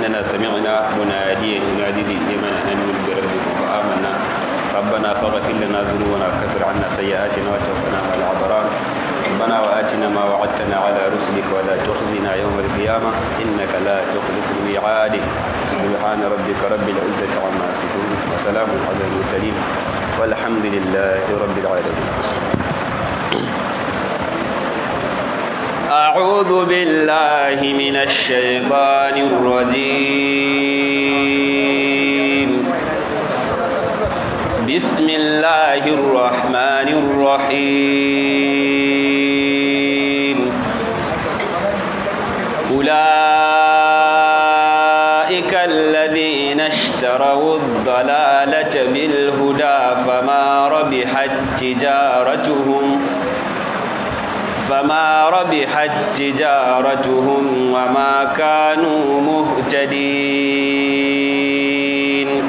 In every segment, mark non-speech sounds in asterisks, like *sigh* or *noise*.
إننا سمعنا مناديا ينادي للإيمان أن نؤمن بربكم ربنا فاغفر لنا ذنوبنا وكفر عنا سيئاتنا وتوفنا مع الأبرار ربنا وآتنا ما وعدتنا على رسلك ولا تخزنا يوم القيامة إنك لا تخلف الميعاد سبحان ربك رب العزة عما يصفون وسلام على المرسلين والحمد لله رب العالمين أعوذ بالله من الشيطان الرجيم بسم الله الرحمن الرحيم أولئك الذين اشتروا الضلالة بالهدى فما ربحت تجارتهم فما ربحت تجارتهم وما كانوا مهتدين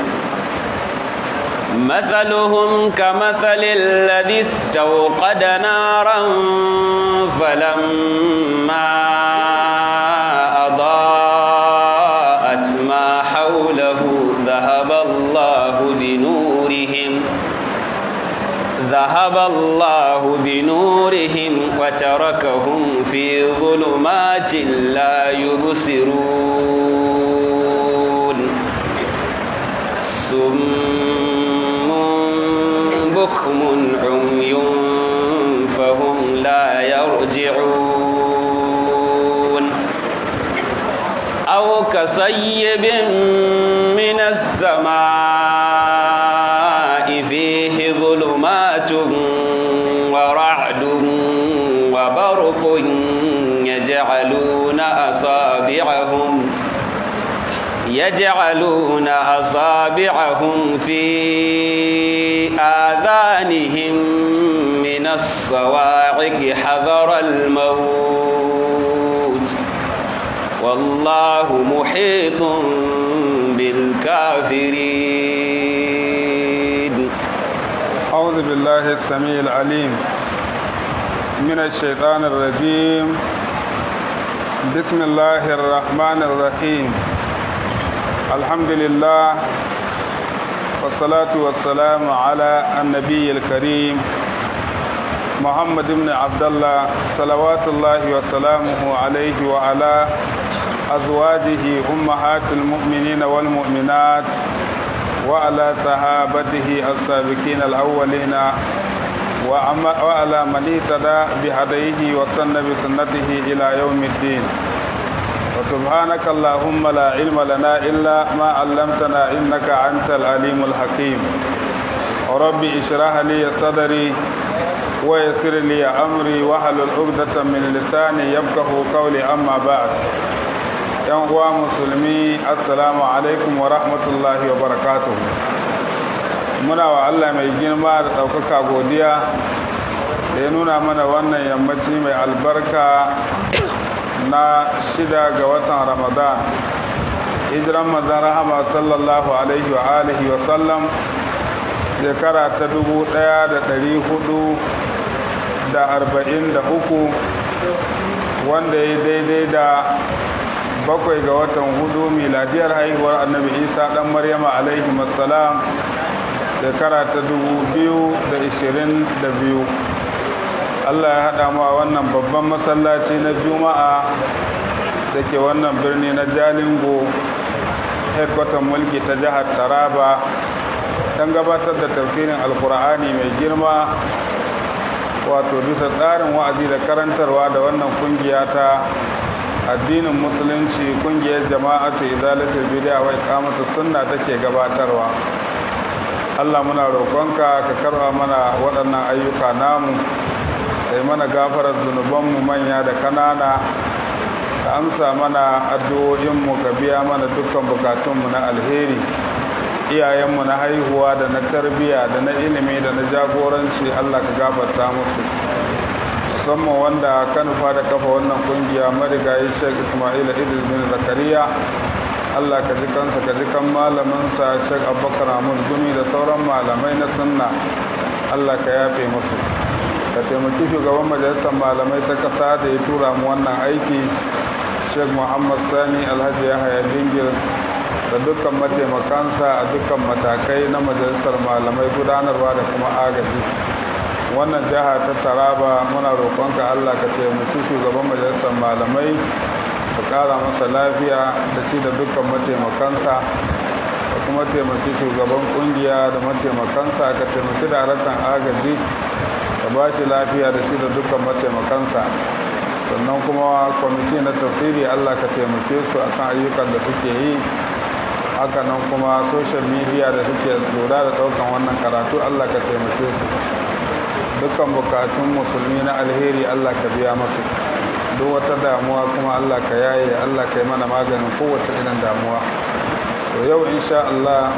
مثلهم كمثل الذي استوقد نارا فلما ذهب الله بنورهم وتركهم في ظلمات لا يبصرون سم بكم عمي فهم لا يرجعون أو كصيب من السماء يجعلون أصابعهم في آذانهم من الصواعق حذر الموت والله محيط بالكافرين أعوذ بالله السميع العليم من الشيطان الرجيم بسم الله الرحمن الرحيم الحمد لله والصلاة والسلام على النبي الكريم محمد بن عبد الله صلوات الله وسلامه عليه وعلى أزواجه أمهات المؤمنين والمؤمنات وعلى صحابته السابقين الأولين وعلى من اهتدى بهديه واستنى بسنته إلى يوم الدين وسبحانك اللهم لا علم لنا إلا ما علمتنا إنك أنت العليم الحكيم ربي اشرح لي صدري ويسر لي أمري واحلل عقدة من لساني يفقه قولي أما بعد yan uwa musulmi assalamu alaikum wa rahmatullahi wa barakatuh muna wa Allah mai girma da ɗaukaka godiya da ya nuna mana wannan yammaci mai albarka na shida ga watan ramadan hijiran manzan rahama sallallahu alaihi wa alihi wa sallam shekara ta dubu daya da dari hudu da arba'in da uku wanda ya daidai da bakwai ga watan hudu miladiyar haihuwar annabi isa dan maryama alaihi wassalam shekara ta dubu biyu da ishirin da biyu Allah ya haɗa mu a wannan babban masallaci na juma'a da ke wannan birni na jalingo headquarter mulki ta jihar taraba don gabatar da tafsirin alkur'ani mai girma wato bisa tsarin wa'azi da karantarwa da wannan kungiya ta addinin musulunci kungiyar jama'atu izalatul bid'a wa iqamatu sunna take gabatarwa Allah muna roƙonka ka karba mana waɗannan ayyuka namu sai mana gafarar zunubanmu manya da kanana ka amsa mana addu'o'inmu ka biya mana dukkan bukatunmu na alheri iyayenmu na haihuwa da na tarbiyya da na ilimi da na jagoranci allah ka gafarta musu musamman wanda kan fada da kafa wannan kungiya marigayi shek ismail idris bin zakariya allah ka ji kansa ka ji kan malaminsa shek abubakar amur gumi da sauran malamai na sunna allah ka yafe musu ka taimaki shugaban majalisar malamai ta kasa da ya tura mu wannan aiki sheikh muhammad sani alhaji ya yahaya jingir da dukkan mataimakansa a dukkan matakai na majalisar malamai gudanarwa da kuma agaji wannan jiha ta taraba muna roƙonka allah ka taimaki shugaban majalisar malamai ka ƙara masa lafiya da shi da dukkan mataimakansa kuma taimaki shugaban kungiya da mataimakansa ka taimaki daraktan agaji ka ba shi lafiya da shi da dukkan mataimakansa sannan kuma kwamiti na tafsiri allah ka taimake su a kan ayyukan da suke yi hakanan kuma social media da suke lura da daukan wannan karatu allah ka taimake su dukkan bukatun musulmi na alheri allah ka biya masu duk wata damuwa kuma allah ka yaye allah ka yi mana maganin kowace irin damuwa to yau insha Allah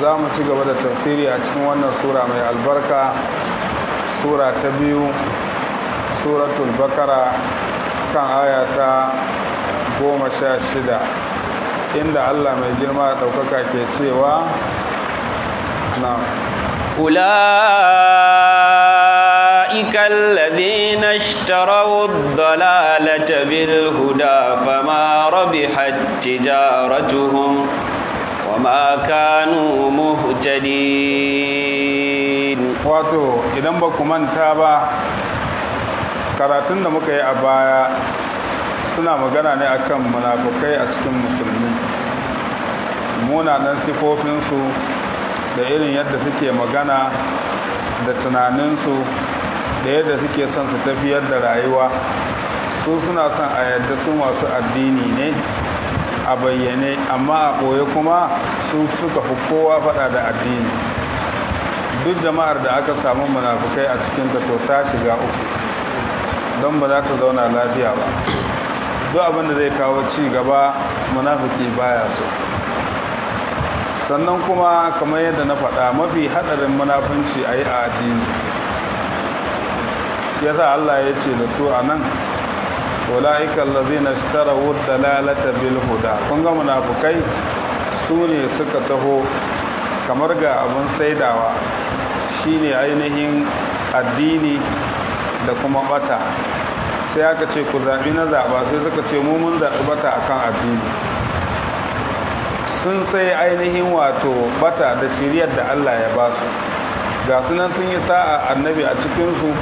za mu ci gaba da tafsiri a cikin wannan sura mai albarka sura ta biyu suratul bakara kan aya ta goma sha shida inda Allah mai girma ɗaukaka ke cewa na ƙula أولئك الذين اشتروا الضلالة بالهدى فما ربحت تجارتهم وما كانوا مهتدين wato idan ba ku manta ba karatun da muka yi a baya suna magana ne akan munafukai a cikin musulmi munanan sifofinsu da irin yadda suke magana da tunaninsu da yadda suke son su tafiyar da rayuwa su suna son a yadda su masu addini ne a bayyane amma a ɓoye kuma su suka fi kowa faɗa da addini duk jama'ar da aka samu munafukai a cikinta to ta shiga uku don ba za ta zauna lafiya ba duk abin da zai kawo ci gaba munafuki baya so sannan kuma kamar yadda na faɗa mafi haɗarin munafunci a yi a addini shi ya sa Allah ya ce da su a nan ulaika allazina wuta lalata bil huda kun ga munafukai su ne suka taho kamar ga abin saidawa ne ainihin addini da kuma bata sai aka ce ku zaɓi na zaɓa sai suka ce mu mun zaɓi bata akan addini sun sai ainihin wato bata da shiriyar da Allah ya ba su ga sunan sun yi sa'a annabi a cikinsu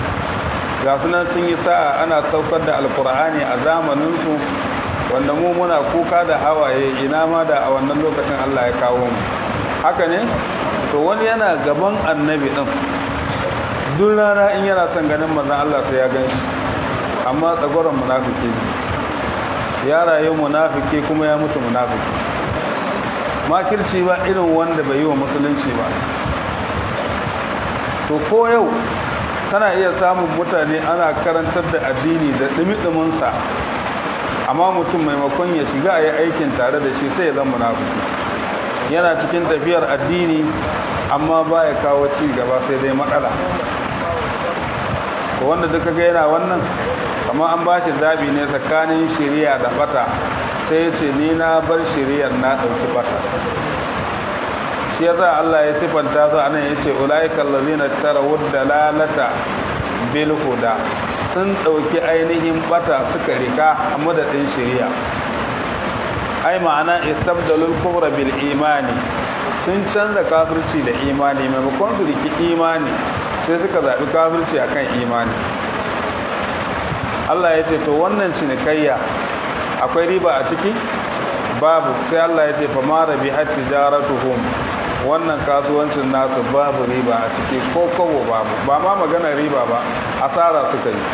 ga sunan sun yi sa'a ana saukar da alkur'ani a zamaninsu wanda mu muna kuka da hawaye ina ma da a wannan lokacin allah ya kawo mu haka ne to wani yana gaban annabi ɗin duk in yana son ganin mazan allah sai ya gan shi amma tsagoron munafiki ya rayu munafiki kuma ya mutu munafiki makirci ba irin wanda bai yi wa musulunci ba to ko yau kana iya samun mutane ana karantar da addini da ɗumi-ɗuminsa amma mutum maimakon ya shiga a yi aikin tare da shi sai ya zama munafiki yana cikin tafiyar addini amma ba ya kawo ci gaba sai dai matsala ko wanda duka ga yana wannan amma an ba shi zabi ne tsakanin shirya da bata sai ya ce ni na bar shiryar na ɗauki bata shi yasa Allah ya sifanta su anan yace ulaika allazina tara wadda lalata huda sun dauki ainihin bata suka rika a madadin shirya ai ma'ana istabdalul kubra bil imani sun canza kafirci da imani maimakon su riki imani sai suka zaɓi kafirci a kan imani Allah ya ce to wannan cinikayya akwai riba a ciki babu sai Allah ya ce fa ma rabi hat wannan kasuwancin nasu babu riba a ciki ko kawo babu ba ma magana riba ba asara suka yi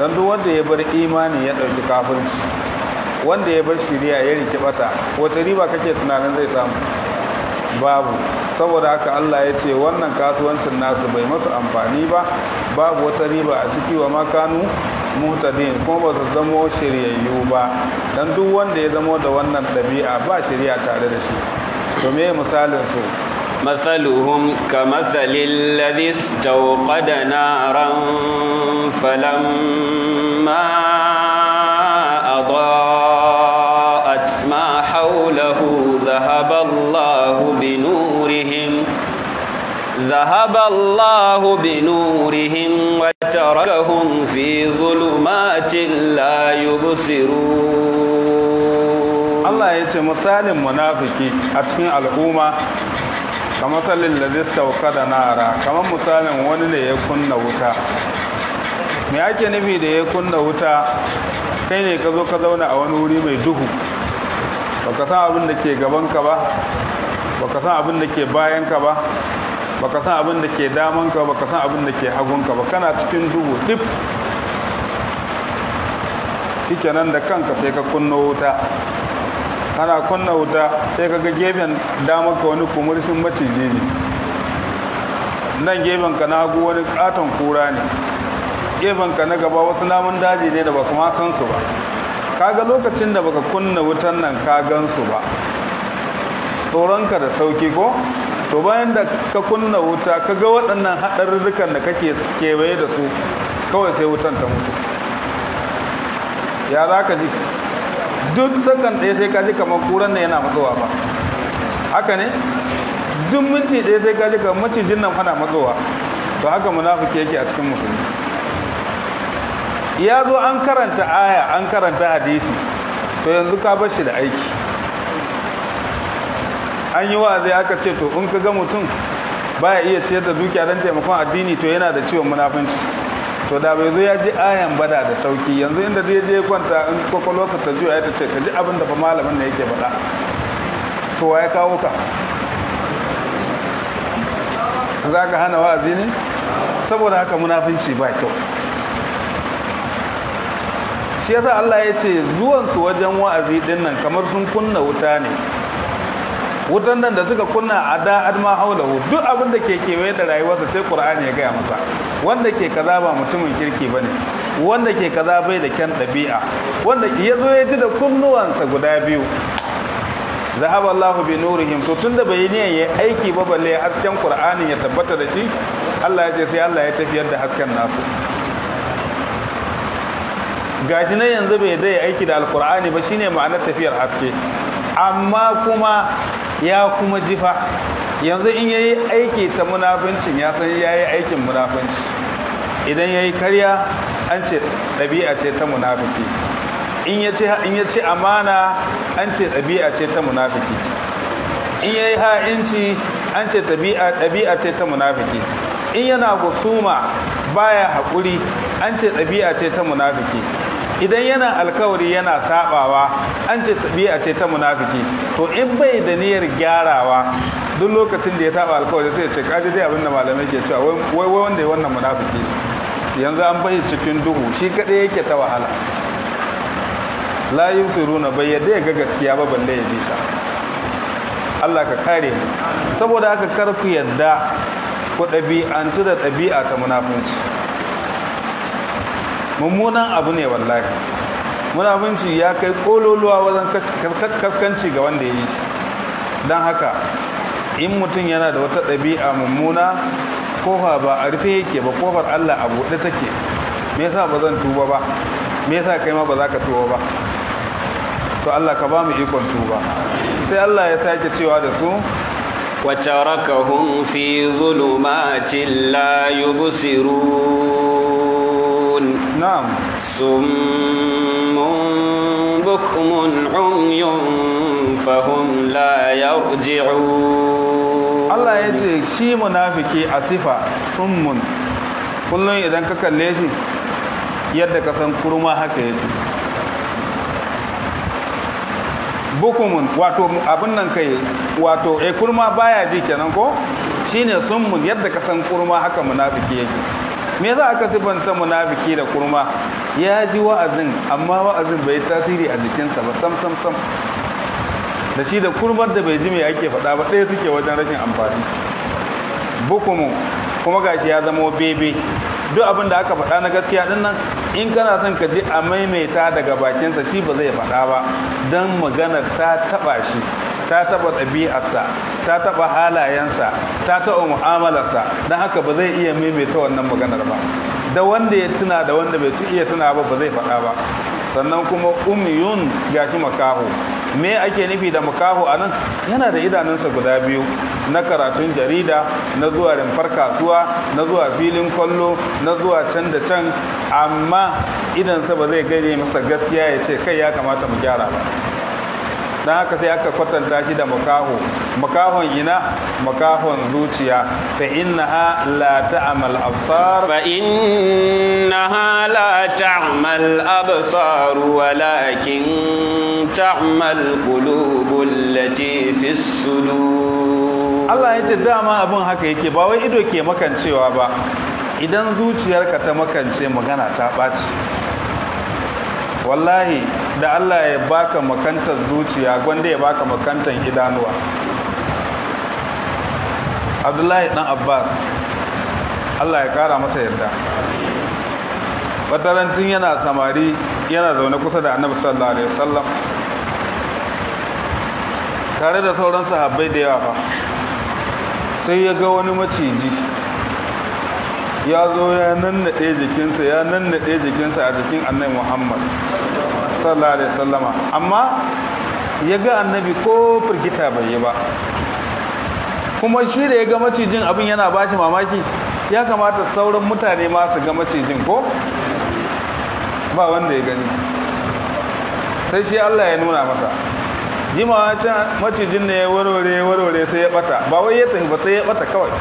don duk wanda ya bar imani ya ɗauki kafirci wanda ya bar shirya ya riki bata wace riba kake tunanin zai samu babu saboda haka Allah ya ce wannan kasuwancin nasu bai masu amfani ba babu wata riba a ciki wa makanu muhtadin kuma ba su zamo shiryayyu ba don duk wanda ya zamo da wannan ɗabi'a ba shirya tare da shi to مثال مثلهم كمثل الذي استوقد نارا فلما أضاءت ما حوله ذهب الله بنورهم ذهب الله بنورهم وتركهم في ظلمات لا يبصرون Allah ya ce misalin munafiki a cikin al'umma kamar zai lazista da nara kamar misalin wani ne ya kunna wuta me ake nufi da ya kunna wuta kai ne ka zo ka zauna a wani wuri mai duhu ba ka san abin da ke gabanka ba ba ka san abin da ke bayanka ba ba ka san abin da ke damanka ka san abin da ke hagunka ba kana cikin duhu dip nan da kanka sai ka kunna wuta ana kunna wuta sai kaga gefen dama ka wani kumurfin maciji ne nan gefen ka na hagu wani katon kura ne gefen ka na gaba wasu namun daji ne da baka ma san su ba kaga lokacin da baka kunna wutan nan ka gan su ba tsoronka da sauki ko to bayan da ka kunna wuta ka ga waɗannan haɗarurrukan da kake kewaye da su kawai sai wutan ta mutu ya za ka ji duk sakan ɗaya sai kaji kamar kuran da yana matsowa ba haka ne duk minti ɗaya sai kaji kamar macijin nan fana matsowa to haka munafiki yake a cikin musulmi ya zo an karanta aya an karanta hadisi to yanzu ka bar shi da aiki an yi wa'azi aka ce to in ka ga mutum baya iya ciyar da dukiya don taimakon addini to yana da ciwon munafunci to da bai zo ya ji ayan bada da sauki yanzu inda zai je kwanta in kwakwalwa ka ta ya ta ce ka ji abin da fa malamin da yake faɗa to wa ya kawo ka za ka hana wa'azi ne saboda haka munafinci ba kyau shi yasa Allah ya ce zuwansu wajen wa'azi dinnan kamar sun kunna wuta ne wutan nan da suka kunna a da adma haulahu duk abin da ke kewaye da rayuwarsa sai qur'ani ya gaya masa wanda ke kaza ba mutumin kirki ba ne wanda ke kaza bai da kyan ɗabi'a wanda ya zo ya ji da kunnuwansa guda biyu zahaba Allahu bi nurihim to tunda bai ne ya aiki ba balle hasken Qur'anin ya tabbata da shi Allah ya ce sai Allah ya tafiyar da hasken nasu gashi na yanzu bai dai aiki da alkur'ani ba shine ma'anar tafiyar haske amma kuma ya kuma jifa yanzu in yayi aiki ta munafincin ya san yayi aikin munafinci idan yayi karya an ce ɗabi'a ce ta munafiki in ya ce amana an ce ɗabi'a ce ta munafiki in yayi ha'inci an ce ɗabi'a ce ta munafiki in yana gusuma baya haƙuri an ce ɗabi'a ce ta munafiki idan yana alkawari yana sabawa an ce ɗabi'a ce ta munafiki to in bai da niyyar gyarawa duk lokacin da ya saba alkawari sai ya ce kaji dai abinda malamai ke cewa wai wai wanda ya wannan munafiki yanzu an bai cikin duhu shi kaɗai yake ta wahala la yusiruna bai yadda ya ga gaskiya ba balle ya bi ta Allah ka kare mu saboda haka karku yadda ku ɗabi'antu da ɗabi'a ta munafunci mummunan abu ne wallahi binci ya kai kololuwa wajen kaskanci ga wanda ya yi shi don haka in mutum yana da wata ɗabi'a mummuna kofa ba a rufe yake ba kofar allah a buɗe take me yasa ba zan tuba ba me yasa kai ma ba za ka tuba ba to allah ka ba mu ikon tuba sai allah ya sake cewa da su وتركهم في ظلمات لا يبصرون نعم سم بكم عمي فهم لا يرجعون الله يجي شي منافقي أصفة سم kullum idan ka kalle shi yadda ka san kurma haka yake bukumun wato abin nan kai wato e kurma baya ji kenan ko shine mun yadda ka san kurma haka munafiki yake me za aka sifanta munafiki da kurma ya ji wa'azin amma wa'azin bai tasiri a jikinsa ba sam sam sam da shi da kurmar da bai ji me ake fada ba ɗaya suke wajen rashin amfani bukumu kuma gashi ya zama bebe duk abin da aka faɗa na gaskiya ɗin nan in kana son ka ji a maimaita daga bakinsa shi ba zai faɗa ba don maganar ta taɓa shi ta taba ɗabi'arsa ta taba halayensa ta taba mu'amalarsa don haka ba zai iya maimaita wannan maganar ba da wanda ya tuna da wanda bai iya tuna ba ba zai faɗa ba sannan kuma umiyun gashi makaho me ake nufi da makaho a nan yana da idanunsa guda biyu na karatun jarida na zuwa rumfar kasuwa na zuwa filin kwallo na zuwa can da can amma idansa ba zai gaje masa gaskiya ya ce kai ya kamata mu gyara ba don haka sai aka kwatanta shi da makaho makahon ina makahon zuciya fa innaha la ta'mal absar fa innaha la ta'mal absar walakin ta'mal qulubul lati fis sudur Allah ya ce dama abin haka yake ba wai ido ke makancewa ba idan zuciyarka ta makance magana ta ɓaci wallahi da Allah ya baka makantar zuciya gwanda ya baka makantar idanuwa abdullahi dan abbas Allah ya kara masa yarda fatarancin yana samari yana zaune kusa da annabi sallallahu alaihi wasallam tare da sauran sahabbai da yawa fa sai ya ga wani maciji ya zo ya nannaɗe jikinsa ya nannaɗe jikinsa a jikin annabi muhammad sallallahu alaihi sallama amma ya ga annabi ko firgita bai yi ba kuma shi da ya ga macijin abin yana ba shi mamaki ya kamata sauran mutane ma su ga macijin ko ba wanda ya gani sai shi allah ya nuna masa jimawa can macijin ne ya warware warware sai ya bata ba wai ya tafi ba sai ya bata kawai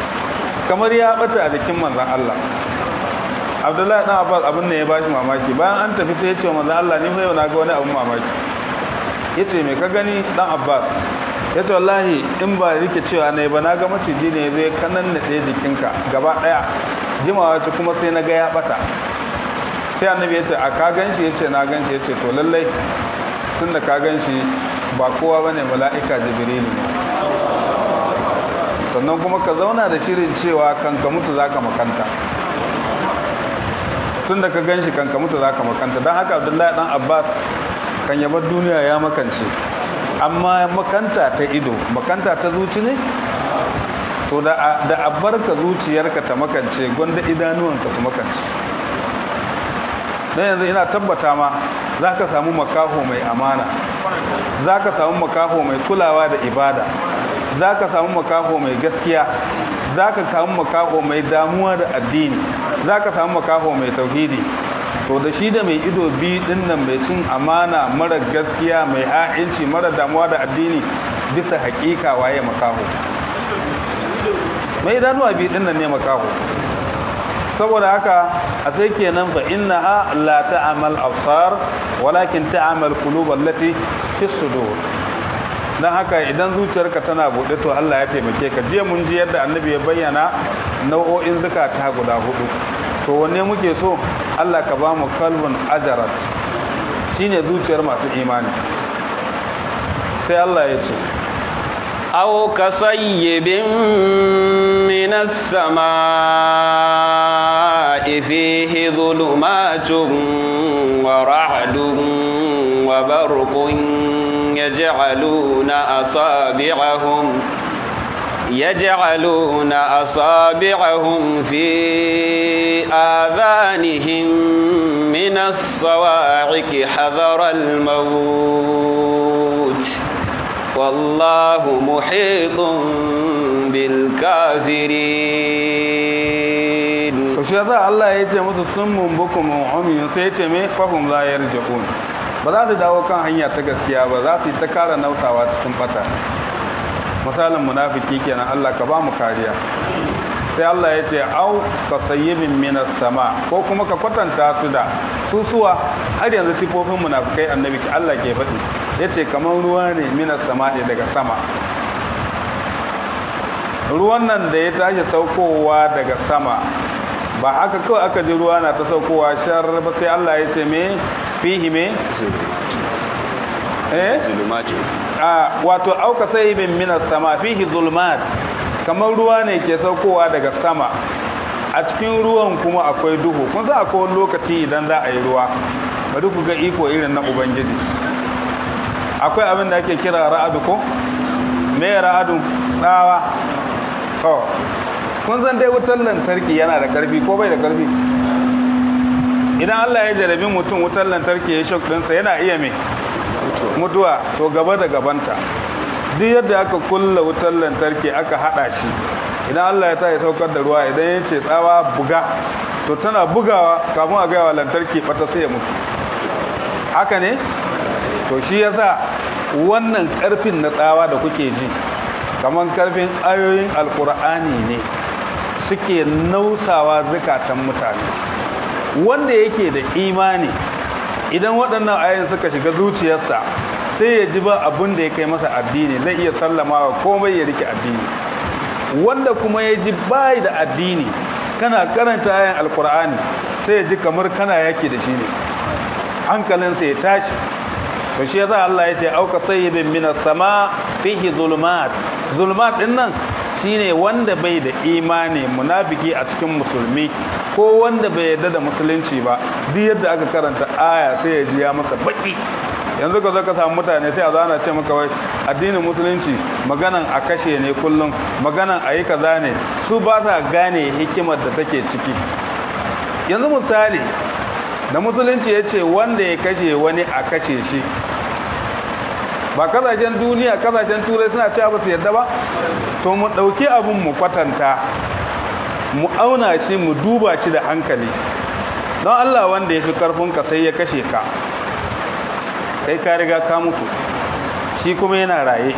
kamar ya bata a jikin manzan Allah abdullahi dan abbas abin da ya bashi mamaki bayan an tafi sai ya ce manzan Allah ni fa yau na ga wani abin mamaki ya ce me ka gani dan abbas ya ce wallahi in ba rike cewa ne ba na ga maciji ne zai kanan da ɗaya jikinka gaba ɗaya jimawa ce kuma sai na ga ya bata sai annabi ya ce a ka gan shi ya ce na gan shi ya ce to lallai tunda ka gan shi ba kowa ba ne mala'ika jibrilu ne sannan kuma ka zauna da shirin cewa kanka mutu za ka makanta tun da ka gan shi kanka mutu za ka makanta don haka abdullahi dan abbas kan yabar duniya ya makance amma makanta ta ido makanta ta zuci ne to da ka zuciyarka ta makance gwanda idanuwanka su makance don yanzu ina tabbata ma za ka samu makaho mai amana za ka samu makaho mai kulawa da ibada za ka samu makaho mai gaskiya za ka samu makaho mai damuwa da addini za ka samu makaho mai tauhidi to da shi da mai ido biyu din nan mai cin amana mara gaskiya mai ha'inci mara damuwa da addini bisa hakika waye makaho mai idanuwa biyu din nan ne makaho saboda haka a sai kenan fa ha la ta'mal absar walakin ta'mal qulub allati fi sudur dan haka idan zuciyarka tana bude to Allah ya taimake ka jiya mun ji yadda annabi ya bayyana nau'o'in zakata guda hudu to wanne muke so Allah ka ba mu kalbun ajarat shine zuciyar masu imani sai Allah ya ce aw kasayyibin minas samaa فيه ظلمات ورعد وبرق يجعلون أصابعهم يجعلون أصابعهم في آذانهم من الصواعق حذر الموت والله محيط بالكافرين shi yasa Allah ya ce musu sun mumbuku mu'min sai ya ce me fahum la yarji'un ba za su dawo kan hanya ta gaskiya ba za su yi ta kara nausawa cikin fata misalin munafiki kenan Allah ka ba mu kariya sai Allah ya ce au ka min minas sama ko kuma ka kwatanta su da susuwa har yanzu sifofin munafikai annabi ki Allah ke faɗi ya ce kamar ruwa ne minas sama ne daga sama ruwan nan da ya tashi saukowa daga sama ba haka kawai aka ji ruwa na ta saukowa shar ba sai Allah ya ce me fihi me eh zulumat a wato auka sai min minas sama fihi zulumat kamar ruwa ne ke saukowa daga sama a cikin ruwan kuma akwai duhu kun sa akwai wani lokaci idan za a yi ruwa bari ku ga iko irin na ubangiji akwai abin da ake kira ra'adu ko me ra'adu tsawa to kun san dai wutar lantarki yana da karfi ko bai da karfi idan Allah ya jarabi mutum wutar lantarki ya shock dinsa yana iya me mutuwa to gaba da gabanta duk yadda aka kulla wutar lantarki aka hada shi idan Allah ya ta ya saukar da ruwa idan ya ce tsawa buga to tana bugawa kafin a gaya wa lantarki bata sai ya mutu haka ne to shi yasa wannan karfin na tsawa da kuke ji kamar karfin ayoyin alkur'ani ne suke nausawa zukatan mutane wanda yake da imani idan waɗannan ayin suka shiga zuciyarsa sai ya ji ba abin da ya kai masa addini zai iya sallamawa komai ya rike addini wanda kuma ya ji bai da addini kana karanta ayin alkur'ani sai ya ji kamar kana yaki da shi ne hankalinsa ya tashi to shi yasa Allah ya ce auka sayyibin minas sama fihi zulmat zulmat din nan shine wanda bai da imani munafiki a cikin musulmi ko wanda bai yarda da musulunci ba duk yadda aka karanta aya sai ya ji ya masa baki yanzu ka zo ka samu mutane sai a zana ce maka wai addinin musulunci maganan a kashe ne kullum maganan a yi kaza ne su ba sa gane hikimar da take ciki yanzu misali da musulunci ya ce wanda ya kashe wani a kashe shi ba kasashen duniya kasashen turai suna cewa ba su yarda ba to mu ɗauki abin mu kwatanta mu auna shi mu duba shi da hankali don allah wanda ya fi ka sai ya kashe ka kai ka riga ka mutu shi kuma yana raye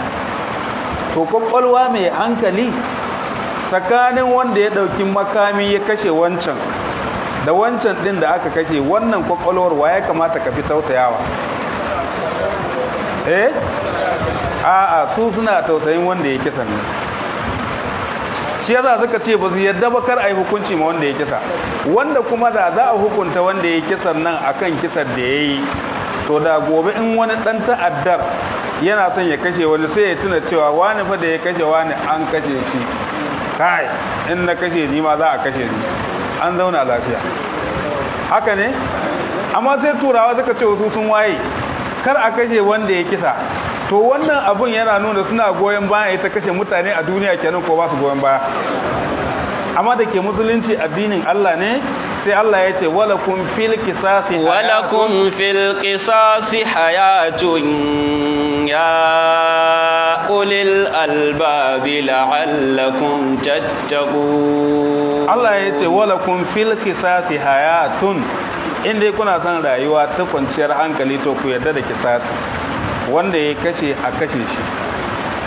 to kwakwalwa mai hankali tsakanin wanda ya ɗauki makami ya kashe wancan da wancan ɗin da aka kashe wannan kwakwalwar wa ya kamata ka fi tausayawa eh a'a su suna tausayin wanda ya kisa ne shi yasa suka ce ba su yadda ba kar a yi hukunci ma wanda ya kisa wanda kuma da za a hukunta wanda ya kisan nan akan kisar da ya yi to da gobe in wani dan ta'addar yana son ya kashe wani sai ya tuna cewa wani fa da ya kashe wani an kashe shi kai in na kashe ni ma za a kashe ni an zauna lafiya haka ne amma sai turawa suka ce wasu sun waye kar a kashe wanda ya kisa to wannan abun yana nuna suna goyon baya ita kashe mutane a duniya kenan ko ba su goyon baya amma da ke musulunci addinin Allah ne sai Allah ya ce walakum fil qisasi walakum fil qisasi hayatun ya ulil albabi la'allakum tattaqun Allah ya ce walakum fil qisasi hayatun in dai kuna son rayuwa ta kwanciyar hankali to ku yarda da kisasi wanda ya kashe a kashe shi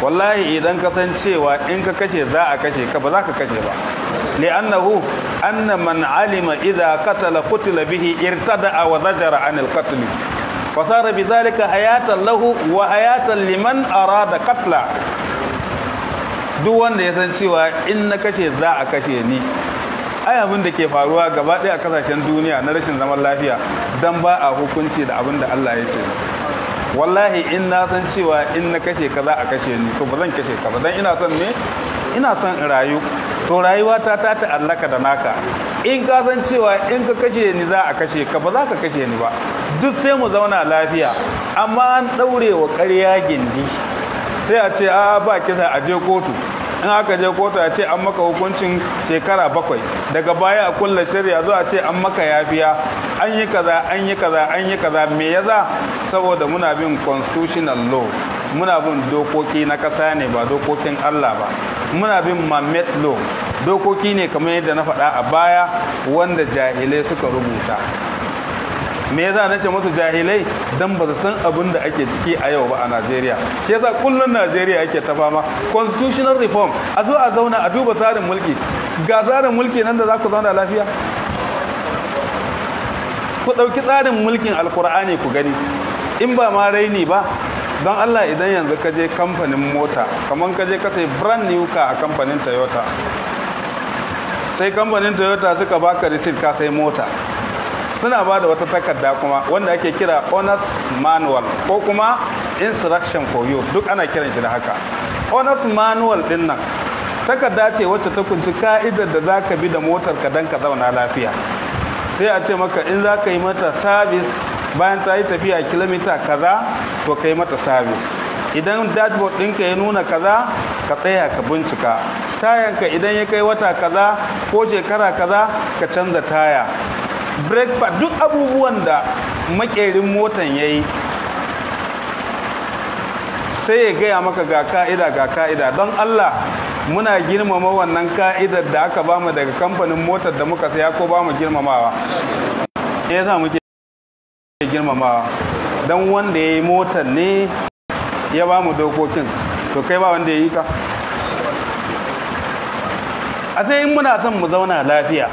wallahi idan ka san cewa in ka kashe za a kashe ka ba za ka kashe ba li'annahu anna man alima idza qatala qutila bihi irtada wa zajara anil qatl fa sara zalika hayatan lahu wa hayatan liman arada qatla duk wanda ya san cewa in na kashe za a kashe ni ai abin da ke faruwa gaba ɗaya a kasashen duniya na rashin zaman lafiya dan ba a hukunci da abin da Allah ya ce wallahi in na san cewa in na kashe ka za a kashe ni to ba zan kashe ka ba dan ina son me ina son in rayu to rayuwa ta ta ta'allaka da naka in ka san cewa in ka kashe ni za a kashe ka ba za ka kashe ni ba duk sai mu zauna lafiya amma an ɗaure wa ƙarya gindi sai a ce a ba kisa a je kotu in aka je kotu a ce an maka hukuncin shekara bakwai daga baya a kulla shirya zuwa ce an maka yafiya an yi kaza an yi kaza an yi kaza me ya za saboda muna bin constitutional law muna bin dokoki na kasa ne ba dokokin Allah ba muna bin mamet law dokoki ne kamar yadda na faɗa a baya wanda jahilai suka rubuta me yasa nace musu jahilai dan ba su san abin da ake ciki a yau ba a Najeriya shi yasa kullun Najeriya yake ta fama constitutional reform a zo a zauna a duba tsarin mulki ga tsarin mulki nan da za ku zauna lafiya ku ɗauki tsarin mulkin alkur'ani ku gani in ba ma raini ba don allah idan yanzu ka je kamfanin mota kamar ka je ka sai brand new car a kamfanin toyota sai kamfanin toyota suka baka receipt ka sai mota suna ba da wata takarda kuma wanda ake kira honors manual ko kuma instruction for youth duk ana kiran shi da haka honors manual din nan takarda ce wacce ta kunci ka'idar da za ka bi da motar ka don ka zauna lafiya sai a ce maka in za ka yi mata sabis bayan ta yi tafiya kilomita kaza to ka yi mata sabis idan dashboard dinka ya nuna kaza ka tsaya ka bincika tayanka idan ya kai wata kaza ko shekara kaza ka canza taya breakfast duk abubuwan da makerin motan ya yi sai ya gaya maka ga ka'ida ga ka'ida don Allah muna girmama wannan ka'idar da aka bamu daga kamfanin motar da muka saya ko bamu girmamawa me yasa muke girmamawa don wanda ya yi motar ne ya bamu dokokin to kai ba wanda ya yi ka a sai in muna son mu zauna lafiya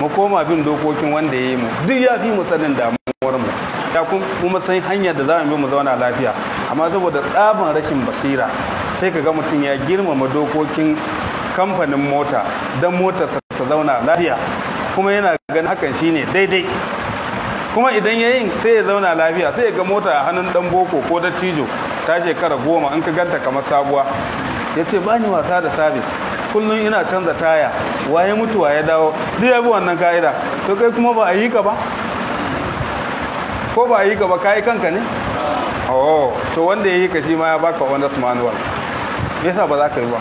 mu koma bin dokokin wanda ya yi mu duk ya fi mu sanin damuwar mu ya kuma san hanyar da za mu bi mu zauna lafiya amma saboda tsaban rashin basira sai ka ga mutum ya girmama dokokin kamfanin mota don motarsa ta zauna lafiya kuma yana ganin hakan shine daidai kuma idan ya yin sai ya zauna lafiya sai ya ga mota a hannun ɗan boko ko dattijo ta shekara goma in ka ganta kamar sabuwa ya ce ba ni wasa da sabis kullum ina canza taya waye mutuwa ya dawo duk ya bi wannan ka'ida to kai kuma ba a yi ka ba ko ba a yi ka ba ka yi kanka ne oh to wanda ya yi ka shi ma ya baka wanda manual manuwar yasa ba za ka yi ba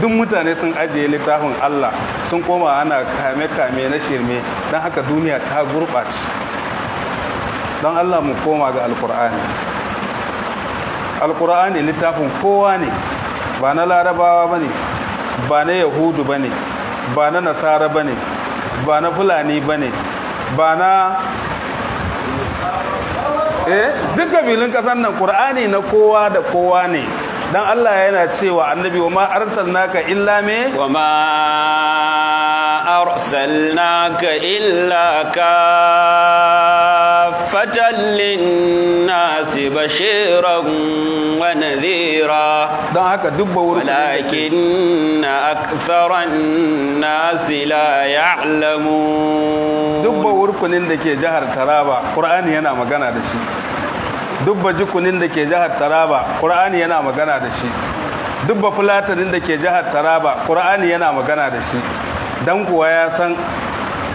duk mutane sun ajiye littafin Allah sun koma ana kame-kame na shirme don haka duniya ta gurɓace don Allah mu koma ga alkur'ani alkur'ani littafin kowa ne ba na larabawa ba ne ba na yahudu ba ne ba na nasara ba ne ba na fulani ba ne ba na eh duk gabilin ƙasar nan ƙur'ani na kowa da kowa ne dan Allah yana cewa annabi wa ma arsalnaka illa me wa ma arsalnaka illa ka fatallin. Na siya bashirin wa nazira. Don haka dubba wurkunin da ke jihar Taraba Kur'ani yana magana da shi, dubba jukunin da ke jihar Taraba Kur'ani yana magana da shi, dubba fulatanin da ke jihar Taraba Kur'ani yana magana da shi, don kuwa ya san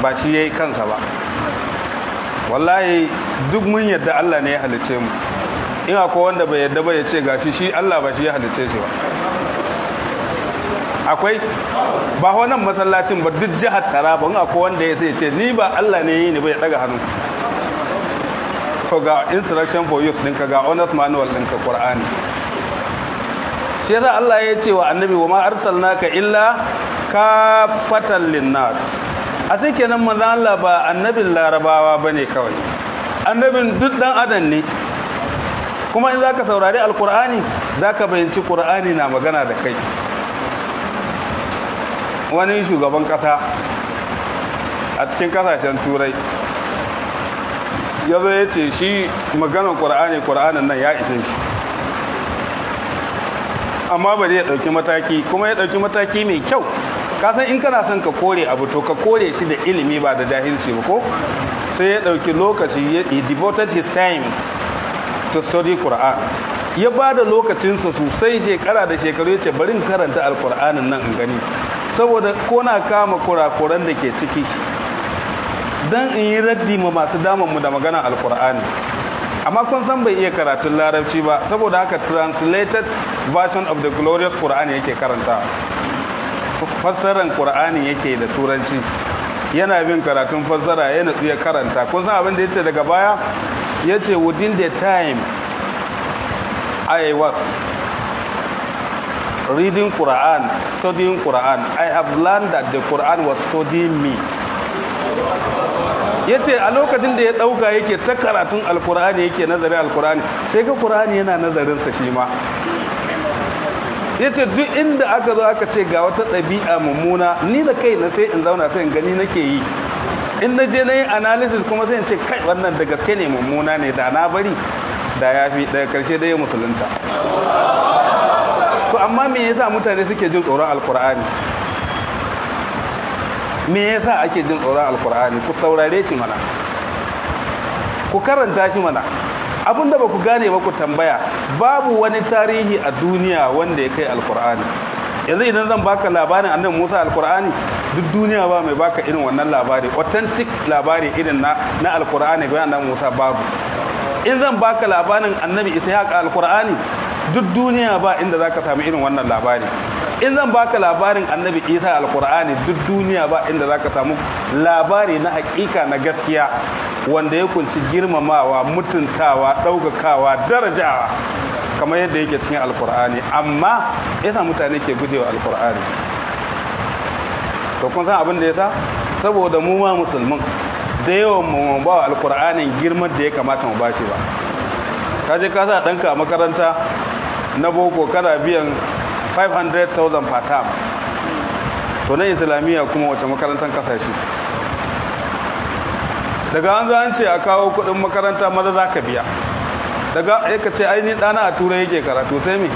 ba shi yayi kansa ba. wallahi duk mun yadda Allah ne ya halice mu in akwai wanda bai yadda ba ya ce gashi shi Allah ba shi ya halice shi ba akwai ba wannan masallacin ba duk jihar Taraba in akwai wanda ya sai ce ni ba Allah ne yi ni ba ya daga hannu to ga instruction for use ɗinka ga honest manual ɗinka Qur'ani shi yasa Allah ya ce wa annabi wa ma arsalnaka illa kafatan linnas a sai kenan manzan Allah ba annabin larabawa ba ne kawai annabin duk dan adam ne kuma in zaka saurari alkur'ani zaka bayanci kur'ani na magana da kai wani shugaban kasa a cikin kasashen turai ya zo ce shi maganar ƙura'ani ƙura'anin nan ya ishe shi amma bari ya ɗauki mataki kuma ya ɗauki mataki mai kyau kasan in kana son ka kore abu to ka kore shi da ilimi ba da jahilci ba ko sai ya ɗauki lokaci he devoted his time to study Quran ya ba da lokacinsa sosai shekara da shekaru ya ce bari in karanta alkur'anin nan in gani saboda ko na kama kurakuran da ke ciki dan in yi raddi ma masu mu da magana alkur'ani amma kun san bai iya karatun larabci ba saboda haka translated version of the glorious Quran yake karanta fassarar qur'ani yake da turanci yana bin karatun fassara ya natsu ya karanta kun san abin da yace daga baya yace within the time i was reading quran studying quran i have learned that the quran was studying me yace a lokacin da ya ɗauka yake ta karatun alkur'ani yake nazarin alkur'ani sai ga qur'ani yana nazarin sa shi ma ya ce duk inda aka zo aka ce ga wata ɗabi'a mummuna ni da kai na sai in zauna sai in gani nake yi in na je na yi analysis kuma sai in ce kai wannan da gaske ne mummuna ne da na bari da ya fi daga karshe da ya musulunta to amma me yasa mutane suke jin tsoron alkur'ani me yasa ake jin tsoron alkur'ani ku saurare shi mana ku karanta shi mana abin da ba ku gane ba ku tambaya babu wani tarihi a duniya wanda ya kai alkur'ani yanzu idan zan baka labarin annabi Musa alkur'ani duk duniya ba mai baka irin wannan labari authentic labari irin na na alkur'ani ga annabi Musa babu in zan baka labarin annabi Isa alkur'ani duk duniya ba inda za ka sami irin wannan labari in zan baka labarin annabi isa alkur'ani duk duniya ba inda za ka samu labari na hakika na gaskiya wanda ya kunci girmamawa mutuntawa ɗaukakawa darajawa kamar yadda yake cikin alkur'ani amma yasa mutane ke gujewa alkur'ani to kun san abin da yasa saboda mu ma musulmin da yawan mu ba alkur'anin girman da ya kamata mu bashi ba kaje kasa ka ɗanka a makaranta na boko kana biyan 500,000 per term to na islamiyya kuma wace makarantar kasashe daga an zo an ce a kawo kudin makaranta maza za ka biya daga ya ka ce ainihin dana a turai yake karatu sai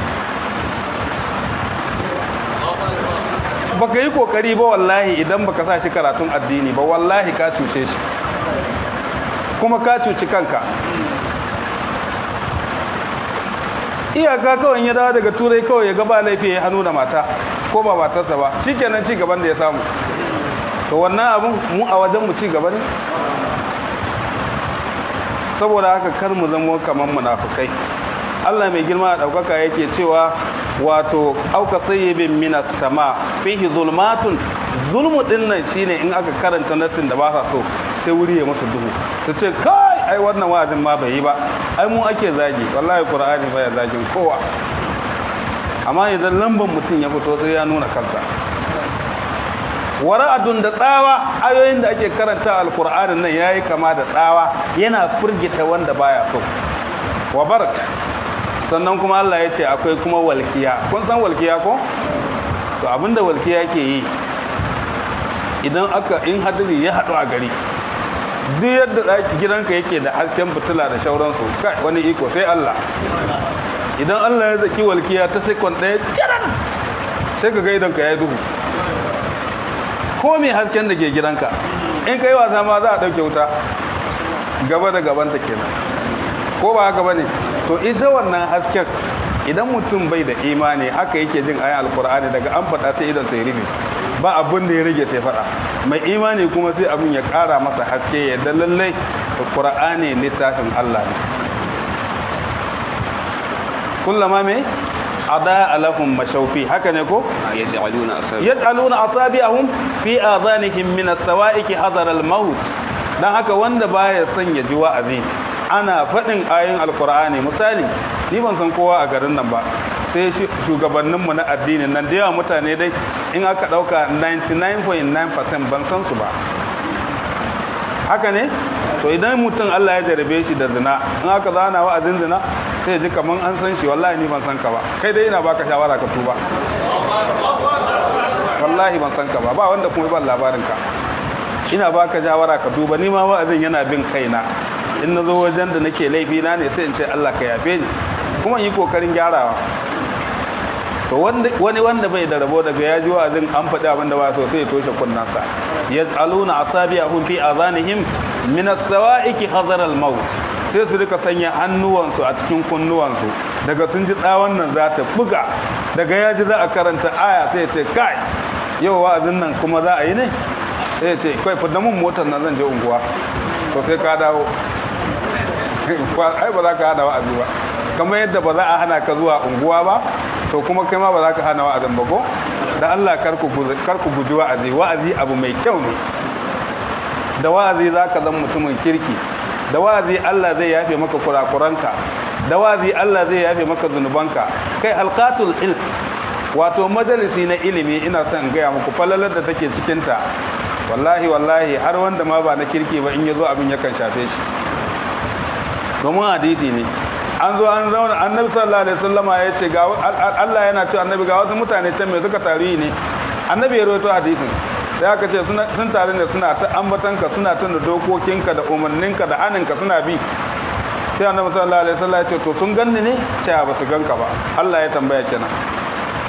Ba baka yi kokari ba wallahi idan baka sa shi karatun addini ba wallahi ka cuce shi kuma ka cuci kanka iyaka kawai ya dawo daga turai kawai ya gaba laifi ya hannu da mata ko ba matarsa ba kenan ci gaban da ya samu to wannan abin mu a wajen mu ci gaba ne saboda haka kar mu zama kamar munafukai Allah mai girma a ɗaukaka yake cewa wato auka sayyibin minas sama fihi zulmatun zulmu din nan shine in aka karanta nasin da ba sa so sai wuri ya musu duhu su ce kai ai wannan wa'azin ma bai yi ba ai mu ake zagi wallahi qur'ani baya zagin kowa amma idan lambar mutum ya fito sai ya nuna kansa wara'adun da tsawa ayoyin da ake karanta alkur'anin nan yayi kama da tsawa yana furgita wanda baya so wa barak sannan kuma Allah ya ce akwai kuma walkiya kun san walkiya ko to abinda walkiya ke yi idan aka in hadiri ya haɗu a gari duk yadda gidanka yake da hasken fitila da shauransu kai wani iko sai Allah idan Allah ya zaki walkiya ta sekon ɗaya jiran sai ka gaidan ka ya duhu ko mai hasken da ke gidanka in ka yi wasa ma za a ɗauke wuta gaba da gaban ta kenan ko ba haka ba ne to ita wannan hasken idan mutum bai da imani haka yake jin ayan alkur'ani daga an faɗa sai idan sai rufe ba abin da ya rage sai faɗa mai imani kuma sai abin ya ƙara masa haske ya da lallai alkur'ani littafin allah ne kullama me ada alahum mashawfi haka ne ko yaj'aluna asabi'ahum fi adanihim min as-sawa'iqi hadar al-maut dan haka wanda baya son ya ji wa'azi ana faɗin ayoyin alkur'ani misali ni ban san kowa a garin nan ba sai shugabanninmu na addini nan da yawa mutane dai in aka ɗauka 99.9% ban san su ba haka ne to idan mutum Allah ya jarabe shi da zina in aka zana wa'azin zina sai ji kaman an san shi wallahi ni ban san ka ba kai dai ina baka shawara ka tuba wallahi ban san ka ba ba wanda kuma ban labarin ka ina baka shawara ka tuba ni ma wa'azin yana bin kaina in na zo wajen da nake laifi na ne sai in ce Allah ka yafe ni kuma yi kokarin gyarawa to wani wanda bai da rabo daga ya ji wa'azin an faɗi abin da ba so sai ya toshe kunnansa asabiya hun fi azanihim min as-sawa'iki hazar al-maut sai su rika sanya hannuwansu a cikin kunnuwansu daga sun ji tsawon nan za ta buga daga ya ji za a karanta aya sai ya ce kai yau wa'azin nan kuma za a yi ne sai ya ce kai da mun motar nan zan je unguwa to sai ka dawo ai ba za ka hana wa'azi ba kamar yadda ba za a hana ka zuwa unguwa ba to kuma kai ma ba za ka hana wa'azin ba ko da Allah kar ku guji wa'azi wa'azi abu mai kyau ne da wa'azi za ka zan mutumin kirki da wa'azi Allah zai yafe maka kurakuranka da wa'azi Allah zai yafe maka zunubanka kai halqatul ilm wato majalisi na ilimi ina son gaya muku falalar da take cikinta wallahi wallahi har wanda ma ba na kirki ba in ya zo abin yakan shafe shi domin hadisi ne an zo an zauna annabi sallallahu alaihi wasallam ya ce ga Allah yana cewa annabi ga wasu mutane can me suka taru ne annabi ya rawaito hadisin sai aka ce sun taru ne suna ta ambatanka suna tuna dokokinka da umarninka da aninka suna bi sai annabi sallallahu alaihi wasallam ya ce to sun ganni ne ce ba su ganka ba Allah ya tambaya kenan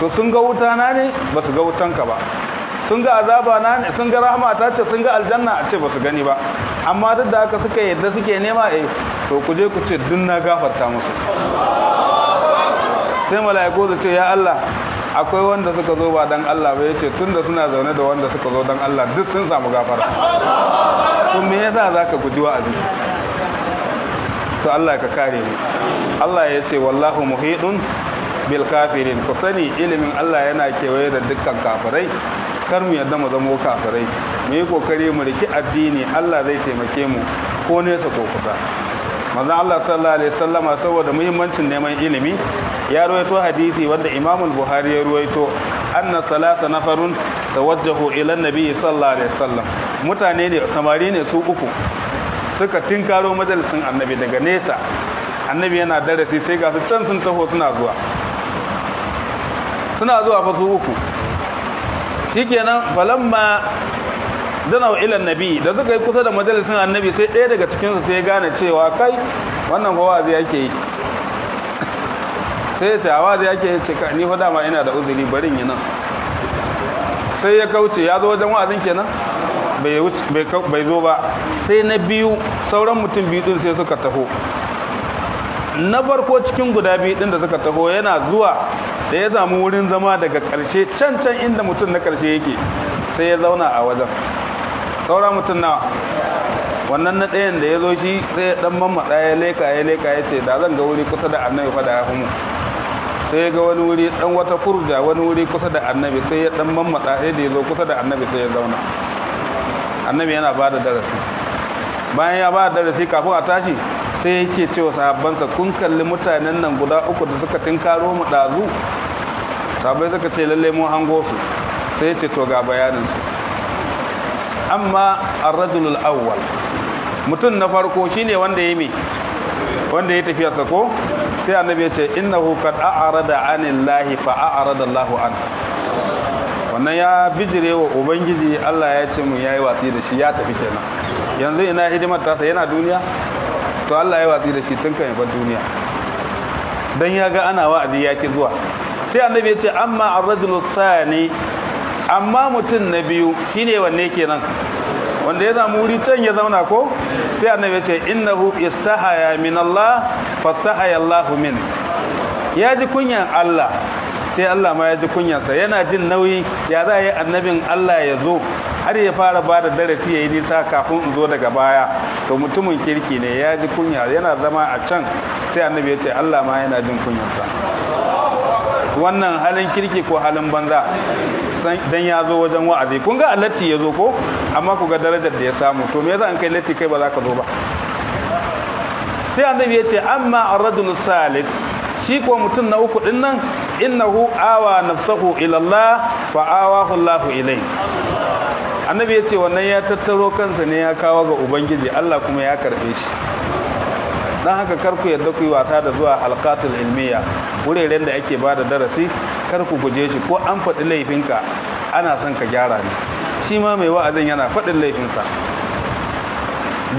to sun ga wuta na ne ba su ga wutanka ba sun ga azaba na ne sun ga rahama ta ce sun ga aljanna a ce ba su gani ba amma duk da haka suka yadda suke nema eh to ku je ku ce duk na gafarta musu sai mala'iku su ce ya Allah akwai wanda suka zo ba dan Allah ba yace tunda suna zaune da wanda suka zo dan Allah duk sun samu gafara to me yasa zaka guji wa'azi to Allah ka kare mu Allah ya ce wallahu muhidun bil kafirin ku sani ilimin Allah yana kewaye da dukkan kafirai kar mu yadda mu zama kafirai mu yi kokari mu riki addini Allah zai taimake mu ko nesa ko kusa manzon Allah sallallahu alaihi wasallama saboda muhimmancin neman ilimi ya ruwaito hadisi wanda Imam al-Buhari ya ruwaito anna salasa nafarun tawajjahu ila nabi sallallahu alaihi wasallam mutane ne samari ne su uku suka tinkaro majalisin annabi daga nesa annabi yana darasi sai ga su can sun taho suna zuwa suna zuwa fa su uku shikenan falamma danau ila nabi da suka yi kusa da majalisin annabi sai ɗaya daga cikinsu sai gane cewa kai wannan kowa zai yake yi sai ya ce awa zai yake ce ni fa dama ina da uzuri barin yi sai ya kauce ya zo wajen wazin kenan bai zo ba sai na biyu sauran mutum biyu din sai suka taho na farko cikin guda biyu din da suka taho yana zuwa da ya samu wurin zama daga ƙarshe can can inda mutum na ƙarshe yake sai ya zauna a wajen saura mutum na wannan na ɗayan da ya zo shi sai ya ɗan mammaɗa ya leka ya leka ya ce da zan ga wuri kusa da annabi fa da ya mu sai ya ga wani wuri ɗan wata furja wani wuri kusa da annabi sai ya ɗan mammaɗa sai da ya zo kusa da annabi sai ya zauna annabi yana ba da darasi bayan ya ba darasi kafin a tashi sai yake cewa sahabbansa kun kalli mutanen nan guda uku da suka tinkaro mu dazu sahabbai suka ce lalle mu hango su sai ya ce to ga bayanin su amma ar-rajul awwal mutum na farko shine wanda yayi me wanda yayi tafiya sako sai annabi ya ce innahu qad a'rada 'anillahi fa a'rada Allahu anhu wannan ya bijire wa ubangiji Allah ya ce mu yi watsi da shi ya tafi kenan yanzu ina hidimar tasa yana duniya to Allah ya yi watsi da shi tun kan yabar duniya dan ya ga ana wa'azi ya ki zuwa sai annabi ya ce amma ar-rajulu sani amma mutum na biyu shine wanne kenan wanda ya zama wuri can ya zauna ko sai annabi ya ce innahu istahaya min Allah fastahaya Allah min ya ji kunyan Allah sai Allah ma ya ji kunyansa yana jin nauyi ya za a yi annabin Allah ya zo har ya fara ba da darasi ya yi nisa kafin in zo daga baya to mutumin kirki ne ya ji kunya yana zama a can sai annabi ya ce Allah ma yana jin kunyansa wannan halin kirki ko halin banza dan ya zo wajen wa'azi kun ga alatti ya zo ko amma ku ga darajar da ya samu to me za an kai latti kai ba za ka zo ba sai annabi ya ce amma ar-rajul salih shi ko mutum na uku din nan innahu awa nafsahu ila Allah fa awahu Allah ilayhi annabi yace wannan ya tattaro kansa ne ya kawo ga ubangiji Allah kuma ya karbe shi Dan haka kar ku yarda ku yi wasa da zuwa halqatul ilmiya wuraren da ake bada darasi kar ku guje shi ko an faɗi laifinka ana son ka gyara ne shi ma mai wa'azin yana faɗin laifinsa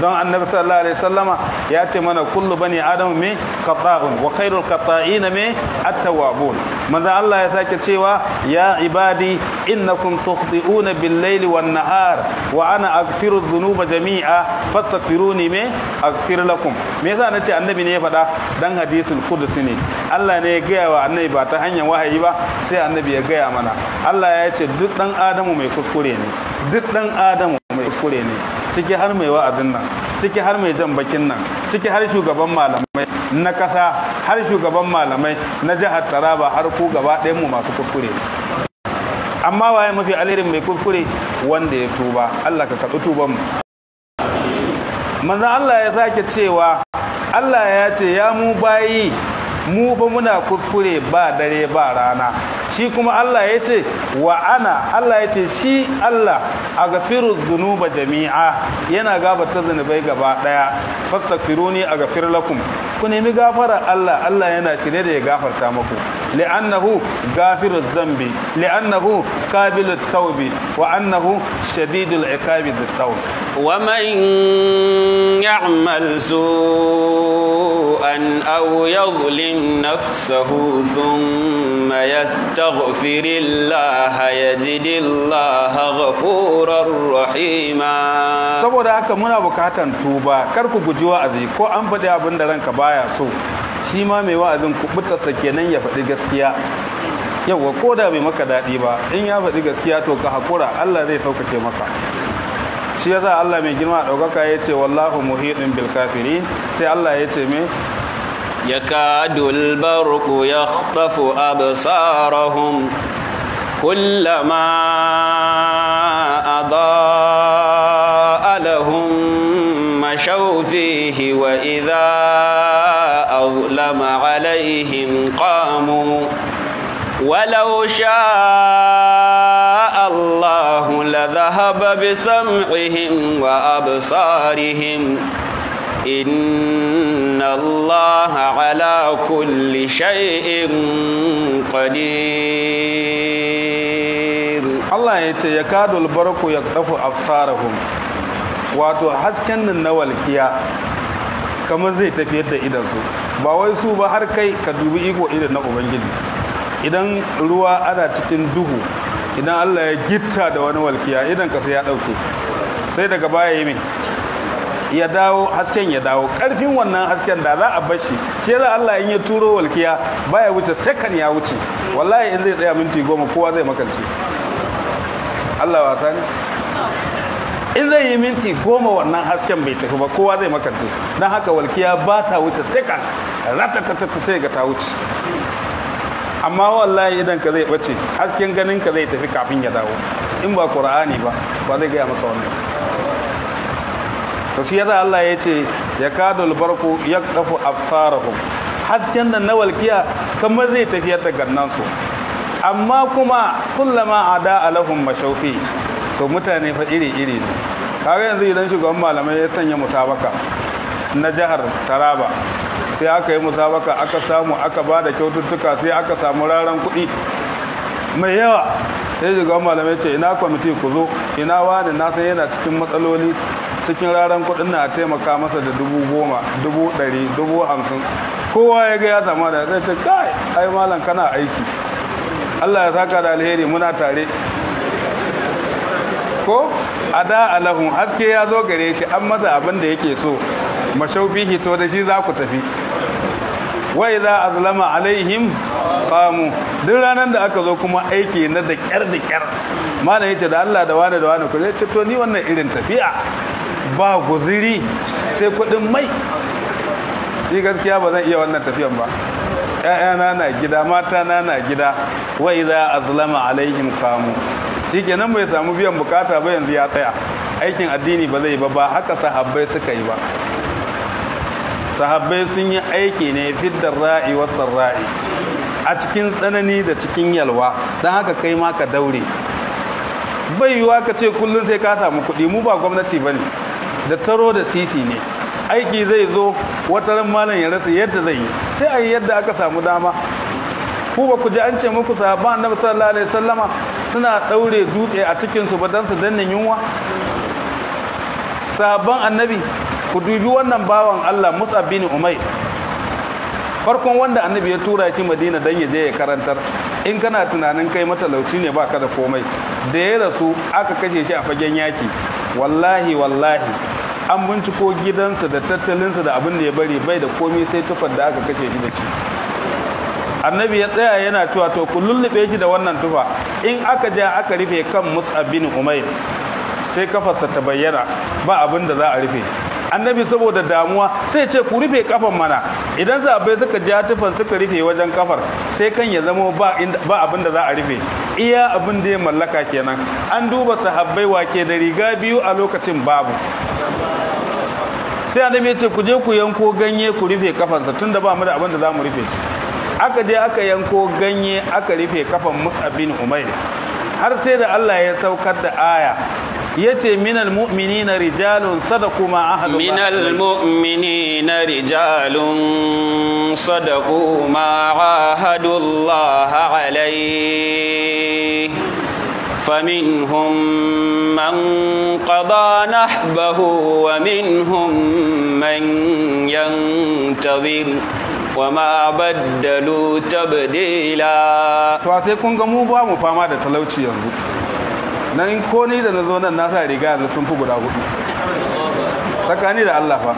don annabi sallallahu alaihi sallama ya ce mana kullu bani adam me qata'un wa khairul qata'ina me at-tawwabun manzo Allah ya sake cewa ya ibadi innakum tukhti'una bil-laili wan-nahar wa ana aghfiru dhunuba jami'a fastaghfiruni me aghfir lakum me yasa nace annabi ne ya faɗa dan hadisin qudsi ne Allah ne ya gaya wa annabi ba ta hanyar wahayi ba sai annabi ya gaya mana Allah ya ce duk dan adamu mai kuskure ne duk dan adamu mai kure ne ciki har mai wa'azin nan ciki har mai jan bakin nan ciki har shugaban malamai na kasa har shugaban malamai na jihar taraba har ku gaba ɗayan mu masu kuskure amma waye mafi alherin mai kuskure wanda ya tuba Allah ka karɓi tuban mu manzon Allah ya sake cewa Allah ya ce ya mu bayi mu ba muna kuskure ba dare ba rana shi kuma Allah ya ce wa ana Allah ya ce shi Allah a gafiru zunuba jami'a yana gabata zunubai gaba daya fastaghfiruni a gafir lakum ku nemi gafara Allah Allah yana shirye da ya gafarta muku li'annahu gafiru zambi li'annahu kabilu taubi wa annahu shadidul iqabi dhit taubi. wa man ya'mal su'an aw yadhlim نفسه ثم يستغفر الله يجد الله غفورا رحيما saboda haka muna bukatan tuba kar ku guji wa'azi ko an faɗi abin da ranka baya so shi ma mai wa'azin kubutarsa kenan ya faɗi gaskiya yauwa ko da bai maka daɗi ba in ya faɗi gaskiya to ka haƙura allah zai saukake maka shi za Allah mai girma a ɗaukaka ya ce wallahu muhiɗin bil kafirin sai Allah ya ce me يكاد البرق يخطف أبصارهم كلما أضاء لهم مشوا فيه وإذا أظلم عليهم قاموا ولو شاء الله لذهب بسمعهم وأبصارهم إن الله على كل شيء قدير الله ya يكاد البرق يقطف أبصارهم wato hasken nan na walkiya kamar zai tafiyar da idansu ba wai su ba har kai ka dubi iko irin na ubangiji idan ruwa ana cikin duhu idan allah ya gitta da wani walkiya idan ka sai ya ɗauke sai daga baya yi min. ya dawo hasken ya dawo karfin wannan hasken da za a bashi shi yasa Allah in ya turo walkiya baya wuce sekan ya wuce wallahi in zai tsaya minti goma kowa zai makance Allah wasa ne in zai yi minti goma wannan hasken bai tafi ba kowa zai makance don haka walkiya ba ta wuce sekas ratatatata sai ga ta wuce amma wallahi idan ka zai bace hasken ganin ka zai tafi kafin ya dawo in ba qur'ani ba ba zai gaya maka wannan to shi Allah ya ce ya yakadul ya yaqdafu absarahum hasken nan na walkiya kamar zai tafiyar da gannansu amma kuma kullama ada alahum mashaufi to mutane fa iri iri ne kaga yanzu idan shugaban malamai ya sanya musabaka na jihar Taraba sai aka yi musabaka aka samu aka ba da kyaututtuka sai aka samu raran kuɗi mai yawa sai shugaban malamai ce ina kwamiti ku zo ina wani na san yana cikin matsaloli cikin raran kuɗin na a taimaka masa da dubu goma dubu ɗari dubu hamsin kowa ya ga ya zama da zai ce kai ai malam kana aiki Allah ya saka da alheri muna tare ko a da alahun haske ya zo gare shi an masa abin da yake so mashaufi hito da shi za ku tafi wai za a azlama alaihim kamu duk ranar da aka zo kuma aiki na da kyar da kyar mana yace da Allah da wani da wani ku zai ce ni wannan irin tafiya ba guziri sai kudin mai ni gaskiya ba zan iya wannan tafiyan ba Ƴaƴana na gida mata na na gida wai za a zulama alaihim kamu shi kenan bai samu biyan bukata ba yanzu ya tsaya aikin addini ba zai ba ba haka sahabbai suka yi ba sahabbai sun yi aiki ne fiddar ra'i wasan ra'i a cikin tsanani da cikin yalwa don haka kai ma ka daure bai yiwuwa ka ce kullum sai ka samu kuɗi mu ba gwamnati ba ne da taro da sisi ne aiki zai zo wataran malam ya rasa yadda zai yi sai a yi yadda aka samu dama ku ba ku ji an ce muku sahaba annabi sallallahu alaihi wasallama suna daure dutse a cikin su ba dan su danne yunwa sahaban annabi ku dubi wannan bawan Allah Mus'ab bin Umayr farkon wanda annabi ya tura shi madina dan ya je ya karantar in kana tunanin kai matalauci ne baka da komai da ya rasu aka kashe shi a fagen yaki wallahi wallahi an binciko gidansa da tattalinsa da abin da ya bari bai da komai sai tufar da aka kashe shi da shi annabi ya tsaya yana cewa to ku lullube shi da wannan tufa in aka ja aka rufe kan mus'ab bin umair sai kafarsa ta bayyana ba abin da za a rufe annabi saboda damuwa sai ce ku rufe kafan mana idan za zabai suka ja tufan suka rufe wajen kafar sai kan ya zama ba abin da za a rufe iya abin da ya mallaka kenan an duba sahabbai wake da riga biyu a lokacin babu sai annabi ya ce ku je ku yanko ganye ku rufe kafansa tunda ba mu da abin da za mu rufe shi aka je aka yanko ganye aka rufe kafan mus'ab bin umair har sai da Allah ya saukar da aya yace minal mu'minina rijalun sadaqu ma ahadu minal mu'minina rijalun sadaqu ma ahadu Allah alayhi فمنهم من wa نحبه ومنهم من ينتظر wama baddalu tabdila to sai kun ga mu ba mu fama da talauci yanzu nan ko ni da na zo nan na sa riga yanzu sun fi guda hudu tsakani da Allah fa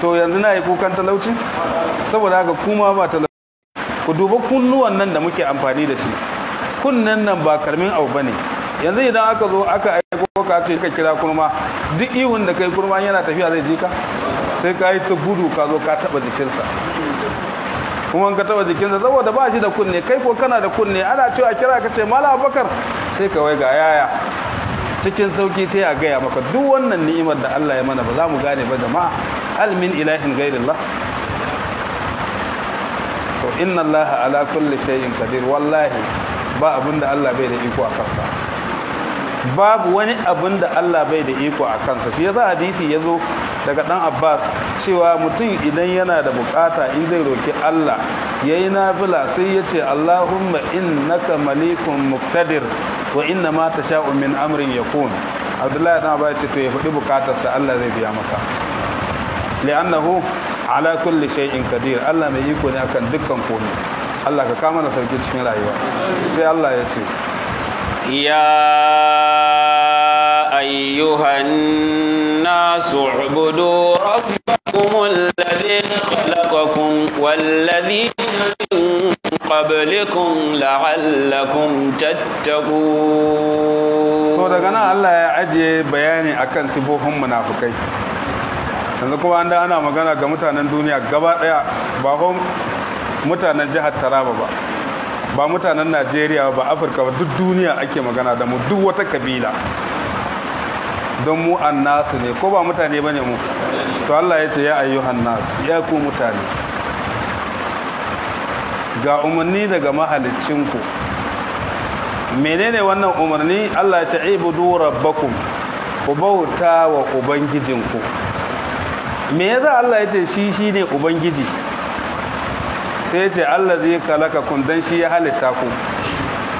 to yanzu na yi kukan talauci saboda haka kuma ba talauci ku duba kunnuwan nan da muke amfani da shi kunnen nan ba karmin abu bane yanzu idan aka zo aka aiko ka ce ka kira kurma duk ihun da kai kurma yana tafiya zai ji ka sai ka yi ta gudu ka zo ka taba jikinsa kuma ka taba jikinsa saboda ba shi da kunne kai ko kana da kunne ana cewa kira ka ce mala abubakar sai ka wai ga yaya cikin sauki sai a gaya maka duk wannan ni'imar da Allah ya mana ba za mu gane ba jama'a almin min ilahin gairillah to inna Allah ala kulli shay'in qadir wallahi ba abinda Allah bai da iko a kansa babu wani abin da Allah bai da iko a kansa shi yasa hadisi ya zo daga dan Abbas cewa mutum idan yana da bukata in zai roki Allah yayi nafila sai ya ce Allahumma innaka malikun muqtadir wa inna ma tasha'u min amrin yakun Abdullahi dan Abbas ce to ya faɗi bukatarsa Allah zai biya masa li'annahu ala kulli shay'in qadir Allah mai iko ne akan dukkan komai Allah ka kama na sarki cikin rayuwa sai Allah ya ce يا أيها الناس اعبدوا ربكم الذي خلقكم والذين من قبلكم لعلكم تتقون to daga nan Allah ya ajiye bayani akan sifofin munafukai yanzu kuma an da ana magana ga mutanen duniya gaba ɗaya, ba mutanen jihar Taraba ba ba mutanen najeriya ba afirka ba duk duniya ake magana da mu duk wata kabila don mu an nasu ne ko ba mutane ba ne mu to allah ya ce ya ayyuhan nasu ya ku mutane ga umarni daga mahalicinku menene wannan umarni allah ya ce ibudu rabbakum ku bauta wa ubangijinku me yasa allah ya ce shi shine ubangiji sai ce Allah zai kalaka kun dan shi ya halitta ku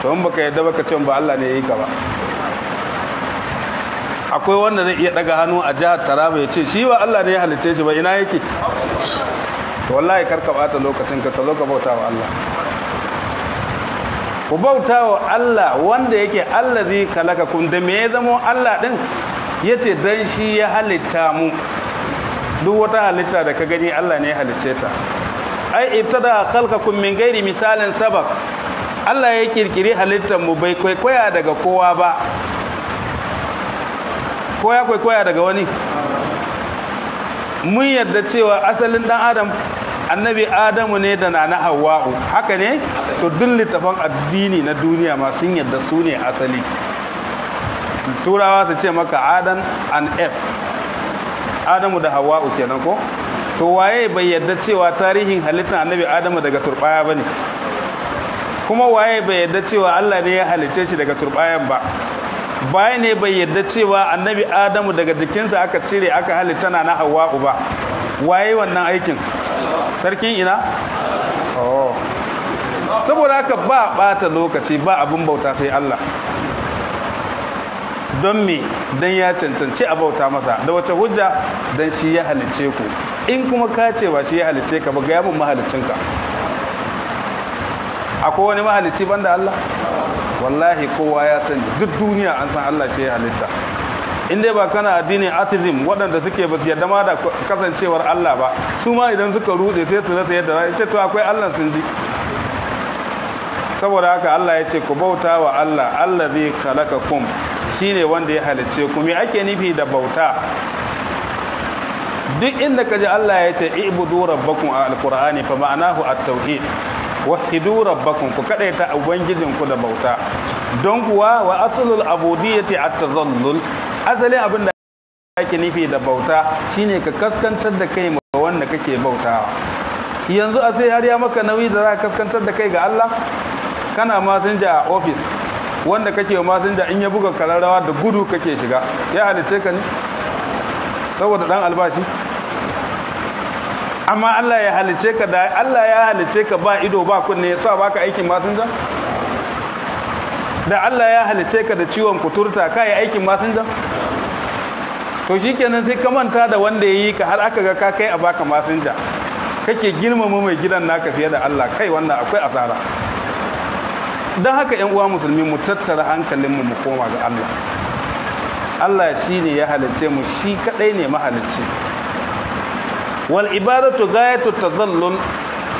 to in baka yadda baka ce ba Allah ne ya yi ka ba akwai wanda zai iya daga hannu a jihar Taraba ya ce shi ba Allah ne ya halitta shi ba ina yake to wallahi karka bata lokacin ka ka ka bauta wa Allah ku bauta wa Allah wanda yake Allah zai kalaka kun da me ya zama Allah din yace dan shi ya halitta mu duk wata halitta da ka gani Allah ne ya halicce ta ai ibtada khalqakum min ghairi misalin sabaq Allah ya kirkiri halittar mu bai kwaikwaya daga kowa ba koya kwaikwaya daga wani mun yadda cewa asalin dan adam annabi adamu ne da nana hawa'u haka ne to duk littafan addini na duniya ma sun yadda su ne asali turawa su ce maka adan an f adamu da hawa'u kenan ko to waye bai yadda cewa tarihin halittar annabi adamu daga turbaya ba ne kuma waye bai yadda cewa allah ne ya halicce shi daga turbayan ba baya ne bai yadda cewa annabi adamu daga jikinsa aka cire aka halitta na hawa'u ba waye wannan aikin sarkin ina oh. saboda haka ba bata lokaci ba abin bauta sai allah don me don ya cancanci a bauta masa da wace hujja don shi ya halice ku in kuma ka ce ba shi ya halice ka ba ga mahalicinka akwai wani mahalici banda Allah wallahi kowa ya sani duk duniya an san Allah shi ya halitta in dai ba kana addinin atheism waɗanda suke ba su yadda ma da kasancewar Allah ba su ma idan suka rude sai su rasa yadda ya ce to akwai Allah sun ji saboda haka Allah ya ce ku bauta wa Allah Allah zai kalaka kum ne wanda ya halicce ku me ake nufi da bauta duk inda ka ji Allah ya ce ibudu rabbakum a alqur'ani fa ma'anahu at-tauhid wahidu rabbakum ku kadaita ubangijinku da bauta don kuwa wa aslul abudiyyati at-tazallul asalin abin da ke nufi da bauta shine ka kaskantar da kai ma wanda kake bautawa yanzu a sai har ya maka nauyi da za ka kaskantar da kai ga Allah kana masinja a ofis wanda kake masinja in ya buga kararrawa da gudu kake shiga ya halice ka ne saboda dan albashi amma Allah ya halice ka da Allah ya halice ka ba ido ba kunne ya sa baka aikin masinja da Allah ya halice ka da ciwon kuturta ka yi aikin masinja to shikenan sai ka manta da wanda yayi ka har aka ga ka kai a baka masinja kake girmama mai gidan naka fiye da Allah kai wannan akwai asara dan haka yan uwa musulmi mu tattara hankalin mu mu koma ga Allah Allah shi ya halice mu shi kadai ne mahalicci wal ibadatu gayatu tazallul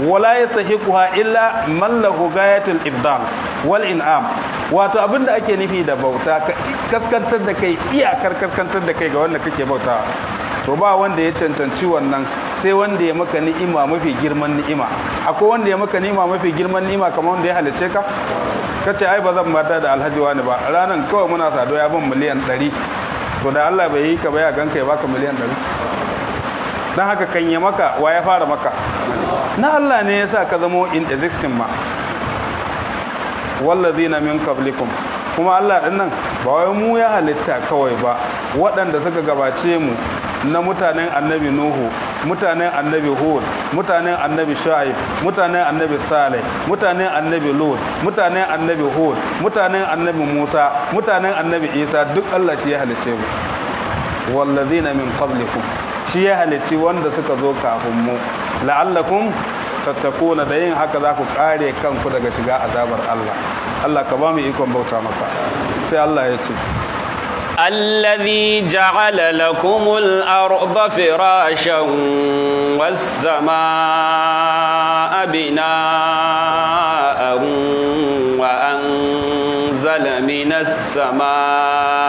wala yastahiquha illa man lahu gayatul ibdal wal in'am wato abinda ake nufi da bauta kaskantar da kai iyakar kaskantar da kai ga wanda kake bauta to ba wanda ya cancanci wannan sai wanda ya maka ni'ima mafi girman ni'ima akwai wanda ya maka ni'ima mafi girman ni'ima kamar wanda ya halice ka kace ai ba zan mata da alhaji wani ba ranan kawai muna sado ya bin miliyan 100 to da Allah bai yi ka ba ya ganka ya baka miliyan ɗari. don haka kan yi maka wa ya fara maka na Allah ne ya sa ka zamo in existing ma wallazina min qablikum kuma Allah din nan ba wai mu ya halitta kawai ba waɗanda suka gabace mu na mutanen annabi Nuhu mutanen annabi Hud mutanen annabi Shu'aib mutanen annabi Saleh mutanen annabi Lut mutanen annabi Hud mutanen annabi Musa mutanen annabi Isa duk Allah shi ya halice mu wallazina min qablikum shi ya halicci wanda suka zo kafin mu la'allakum tattakuna da yin haka za ku kare kanku daga shiga azabar Allah Allah ka ba mu ikon bauta maka sai Allah ya ce الذي جعل لكم الأرض فراشا والسماء بناء وأنزل من السماء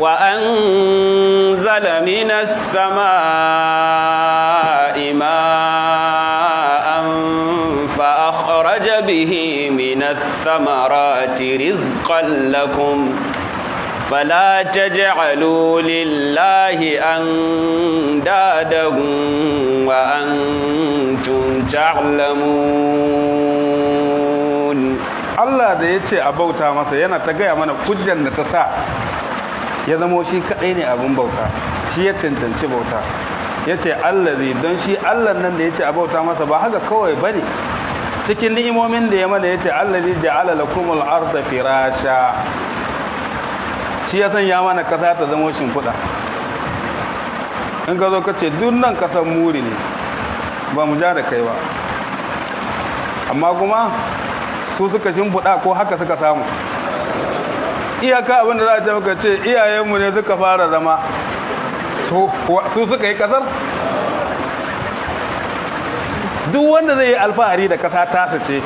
وأنزل من السماء ماء فأخرج به من الثمرات رزقا لكم فلا تجعلوا لله أندادا وأنتم تعلمون Allah da ya ce a bauta masa yana ta gaya mana hujjan da ta sa ya zamo shi kaɗai ne abin bauta shi ya cancanci bauta ya ce allazi don shi allah nan da ya ce a bauta masa ba haka kawai ba ne cikin ni'imomin da ya mana ya ce allazi ja'ala lakum al-ardha firasha shi ya sanya mana kasa ta zama shimfiɗa in ka zo ka ce duk nan kasan muri ne ba mu ja da kai ba amma kuma su suka shimfiɗa ko haka suka samu iyaka abin da za a ce maka ce iyayenmu ne suka fara zama su suka yi kasar duk wanda zai yi alfahari da kasa tasa ce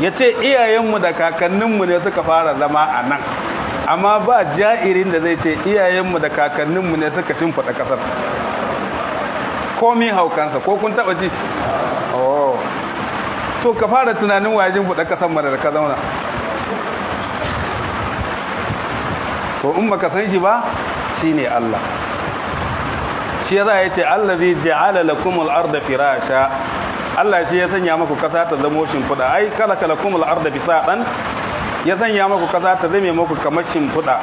ya ce iyayenmu da kakanninmu ne suka fara zama a nan amma ba ja'irin da zai ce iyayenmu da kakanninmu ne suka shimfada ƙasar komi haukansa ko kun taɓa ji oh. to ka fara tunanin wajen buɗe ƙasar mara da ka zauna ko in baka san shi ba shine Allah shi yasa yace allazi ja'ala lakumul arda firasha Allah shi ya sanya maku kasa ta zama fuda ai kala kala kumul arda ɗan ya sanya maku kasa ta zame maku kamar shimfiɗa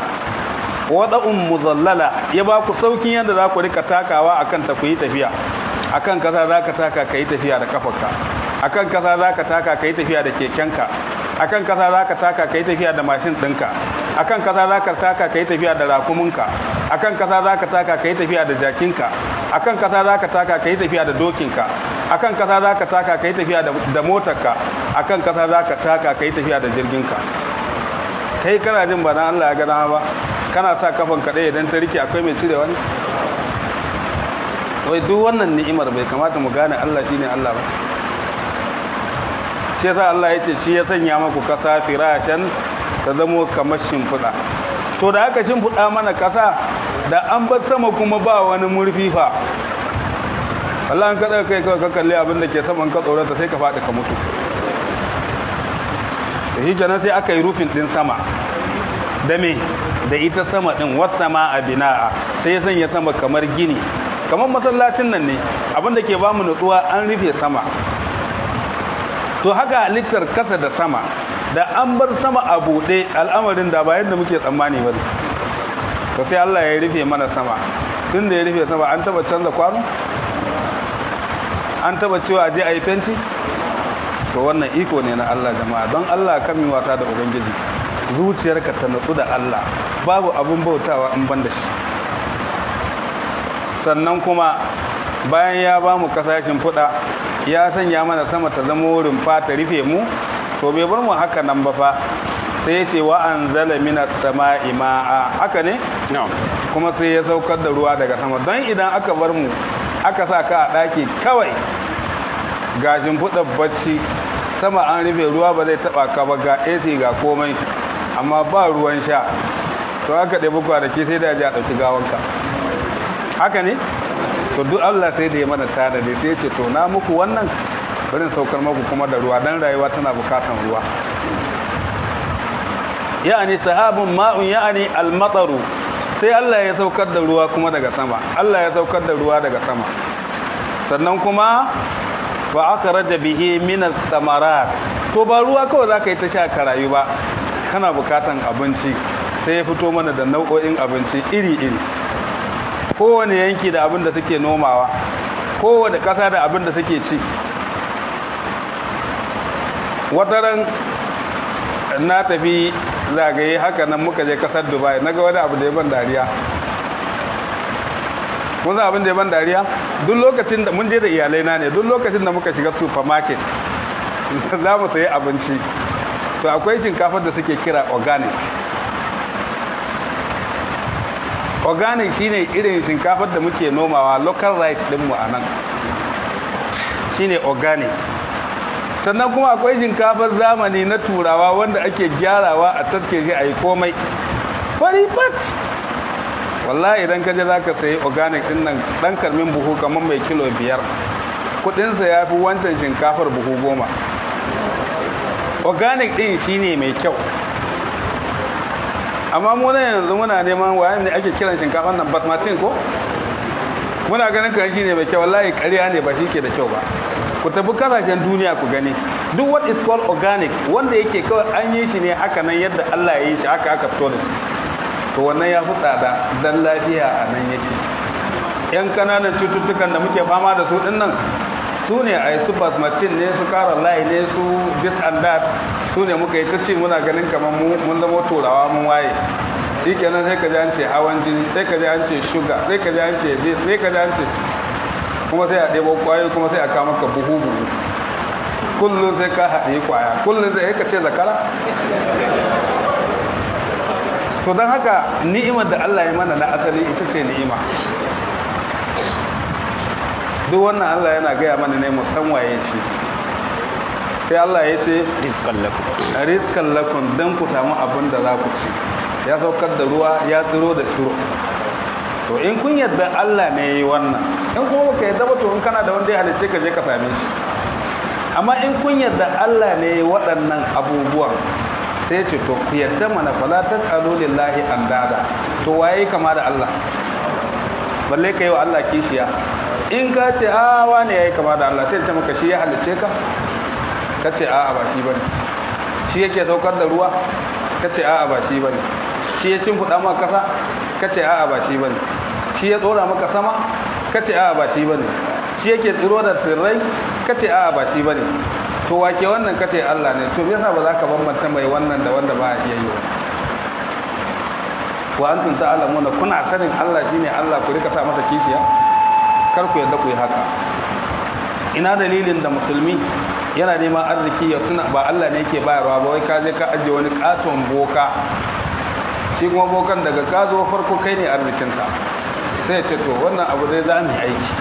wada'un muzallala ya ba ku saukin yadda za ku rika takawa akan ta ku yi tafiya akan kasa za ka taka ka yi tafiya da kafarka akan kasa za ka taka ka yi tafiya da kekenka akan kasa za ka taka ka yi tafiya da mashin ɗinka akan kaza za ka taka ka yi tafiya da rakuminka akan kaza za ka taka ka yi tafiya da jakinka akan kaza za ka taka ka yi tafiya da dokinka akan kaza za ka taka ka yi tafiya da motarka akan kaza za ka taka ka yi tafiya da jirginka kai kana jin ba Allah ya gana ba kana sa kafan kaɗai idan ta rike akwai mai cire wani wai duk wannan ni'imar bai kamata mu gane Allah shine Allah ba shi yasa Allah ya ce shi ya sanya maku kasa firashan ta zamo kamar shimfiɗa to da aka shimfiɗa mana ƙasa da an bar sama kuma ba wani murfi fa Allah an kaɗa kai kawai ka kalli abin da ke saman ka tsorata sai ka faɗi ka mutu da shi kenan sai aka yi rufin ɗin sama da me da ita sama ɗin sama a bina'a sai ya sanya sama kamar gini kamar masallacin nan ne abin da ke ba mu nutsuwa an rufe sama to haka halittar kasa da sama da an bar sama a buɗe al'amarin da ba yadda muke tsammani ba Ka sai Allah ya rufe mana sama tun da ya rufe sama an taba canza kwano an taba cewa je a yi fenti to wannan iko ne na Allah jama'a don Allah kan yi wasa da ubangiji zuciyarka ta nutsu da Allah babu abin bautawa in ban da shi sannan kuma bayan ya ba mu kasashen fuda ya sanya mana sama ta zama wurin fata rufe mu to bai bar mu haka nan ba fa sai ya ce wa zala minas sama'i ima'a haka ne kuma sai ya saukar da ruwa daga sama don idan aka bar mu aka sa ka a ɗaki kawai gashin buɗa bacci sama an rufe ruwa ba zai taɓa ka ba ga ac ga komai amma ba ruwan sha to aka da ke sai da ji a ɗauki gawanka haka ne to duk allah sai da ya mana tanadi sai ce to na muku wannan bari saukar maku kuma da ruwa dan rayuwa tana bukatan ruwa yani sahabun ma'un yani almataru sai Allah ya saukar da ruwa kuma daga sama Allah ya saukar da ruwa daga sama sannan kuma wa akhraja bihi min mina samara. to ba ruwa kawai zaka yi ta sha karayu ba kana bukatan abinci sai ya fito mana da nau'o'in abinci iri-iri kowane yanki da abin da suke nomawa kowane ƙasa da abin da suke ci wataran na tafi zagaye haka nan muka je kasar dubai na ga wani abu da ya ban dariya kun san abin da ya ban dariya duk lokacin da mun je da iyalai na ne duk lokacin da muka shiga supermarket *laughs* za mu sayi abinci to akwai shinkafar da suke kira organic organic shine irin shinkafar da muke nomawa local rice dinmu a nan shine organic sannan kuma akwai shinkafar zamani na turawa wanda ake gyarawa a taske shi a yi komai fari bat wallahi idan ka je za ka sayi organic din nan ɗan karmin buhu kamar mai kilo biyar kudinsa ya fi wancan shinkafar buhu goma organic din shine mai kyau amma mu yanzu muna neman waye ne ake kiran shinkafar nan basmatin ko muna ganin kan shine mai kyau wallahi ƙarya ne ba shi ke da kyau ba ku tafi kasashen duniya ku gani duk what is called organic wanda yake kawai an yi shi ne haka nan yadda Allah ya yi shi haka aka fito da shi to wannan ya fi tsada dan lafiya a nan yake yan kananan cututtukan da muke fama da su din nan su ne a su basmatin ne su kara layi ne su this and that su ne muka yi ta ce muna ganin kamar mun zama turawa mun waye shi kenan sai ka ji an ce hawan jini sai ka ji an ce shuga sai ka ji an ce this sai ka ji an ce kuma sai a ɗebo ƙwayoyi kuma sai a kama ka buhu buhu kullum sai ka haɗe ƙwaya kullum sai ka ce zakara to don haka ni'imar da Allah ya mana na asali ita ce ni'ima duk wannan Allah yana gaya mana ne musamman ya ce sai Allah ya ce rizkan lakun don ku samu abin da za ku ci ya saukar da ruwa ya tsiro da shuru to in kun yadda Allah ne ya yi wannan in kuma ka yadda ba to in kana da wanda ya halicce ka je ka same shi amma in kun yadda Allah ne waɗannan abubuwan sai ce to ku yadda mana fala taj'alu lillahi andada to waye kama da Allah balle ka yi wa Allah kishiya in ka ce a wane yayi kama da Allah sai ce maka shi ya halicce ka ka ce a'a ba shi bane shi yake saukar da ruwa ka ce a'a ba shi bane shi ya cin kuɗa maka kasa ka ce a'a ba shi bane shi ya tsora maka sama kace a ba shi bane shi yake tsiro da tsirrai kace a ba shi bane to wake wannan kace Allah ne to me yasa ba za ka bambanta mai wannan da wanda ba iya yi wa antum ta'lamuna kuna sanin Allah shine Allah ku rika sa masa kishiya kar ku yadda ku yi haka ina dalilin da musulmi yana neman arziki ya tuna ba Allah ne yake bayarwa ba wai ka je ka ajiye wani katon boka shi kuma bokan daga ka farko kai ne arzikinsa sai ya ce to wannan abu dai za mu aiki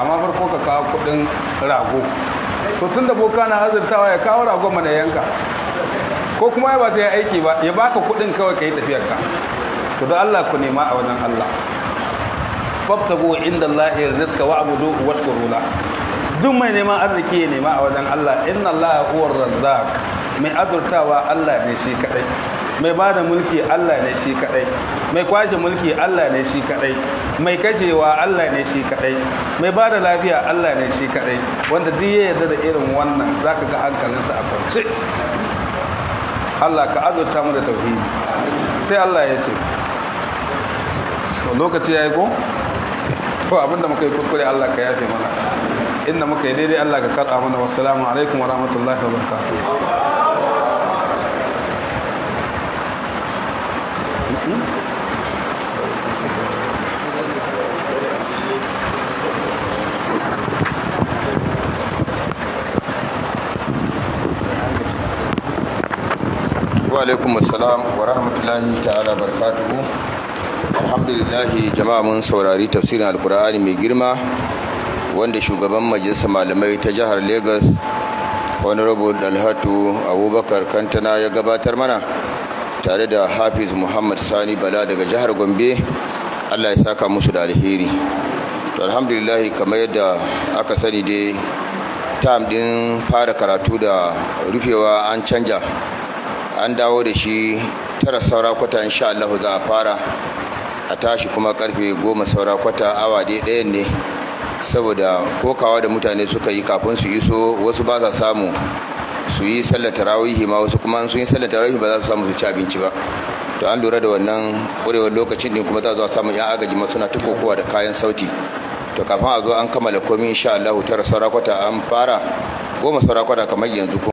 amma farko ka kawo kuɗin rago to tun da boka na azurtawa ya kawo rago mana yanka ko kuma ya ba sai ya aiki ba ya baka kuɗin kawai ka yi tafiyar ka to da Allah ku nema a wajen Allah fabtagu inda Allah rizqa wa'budu washkuru la duk mai neman arziki ya nema a wajen Allah inna Allah huwa razzaq mai azurtawa Allah ne shi kadai mai ba da mulki Allah ne shi kadai mai kwashe mulki Allah ne shi kadai mai kashewa Allah ne shi kadai mai ba da lafiya Allah ne shi kadai wanda duk ya yarda da irin wannan zaka ga hankalinsa a kwance Allah ka azurta mu da tauhidi sai Allah ya ce lokaci yayi ko to abinda muka yi kuskure Allah ka yafe mana inda muka yi daidai Allah ka karɓa mana wassalamu alaikum wa rahmatullahi wa barakatuh alaikum assalam wa rahmatullahi ta'ala barakatuhu alhamdulillahi jama'a mun saurari tafsirin alkur'ani mai girma wanda shugaban majalisar malamai ta jihar lagos honorable alhatu abubakar kantana ya gabatar mana tare da hafiz muhammad sani bala daga jihar gombe allah ya saka musu da alheri to alhamdulillahi kamar yadda aka sani dai tam din fara karatu da rufewa an canja an dawo da shi tara saura kwata insha Allah za a fara a tashi kuma karfe goma saura kwata awa dai ɗayan ne saboda kokawa da mutane suka yi kafin su iso wasu ba sa samu su yi sallar tarawihi ma wasu kuma sun yi sallar tarawihi ba za su samu su ci abinci ba to an lura da wannan kurewar lokacin ne kuma za zuwa samun ya agaji ma suna ta kokowa da kayan sauti to kafin a zo an kammala komai insha Allah tara saura kwata an fara goma saura kwata kamar yanzu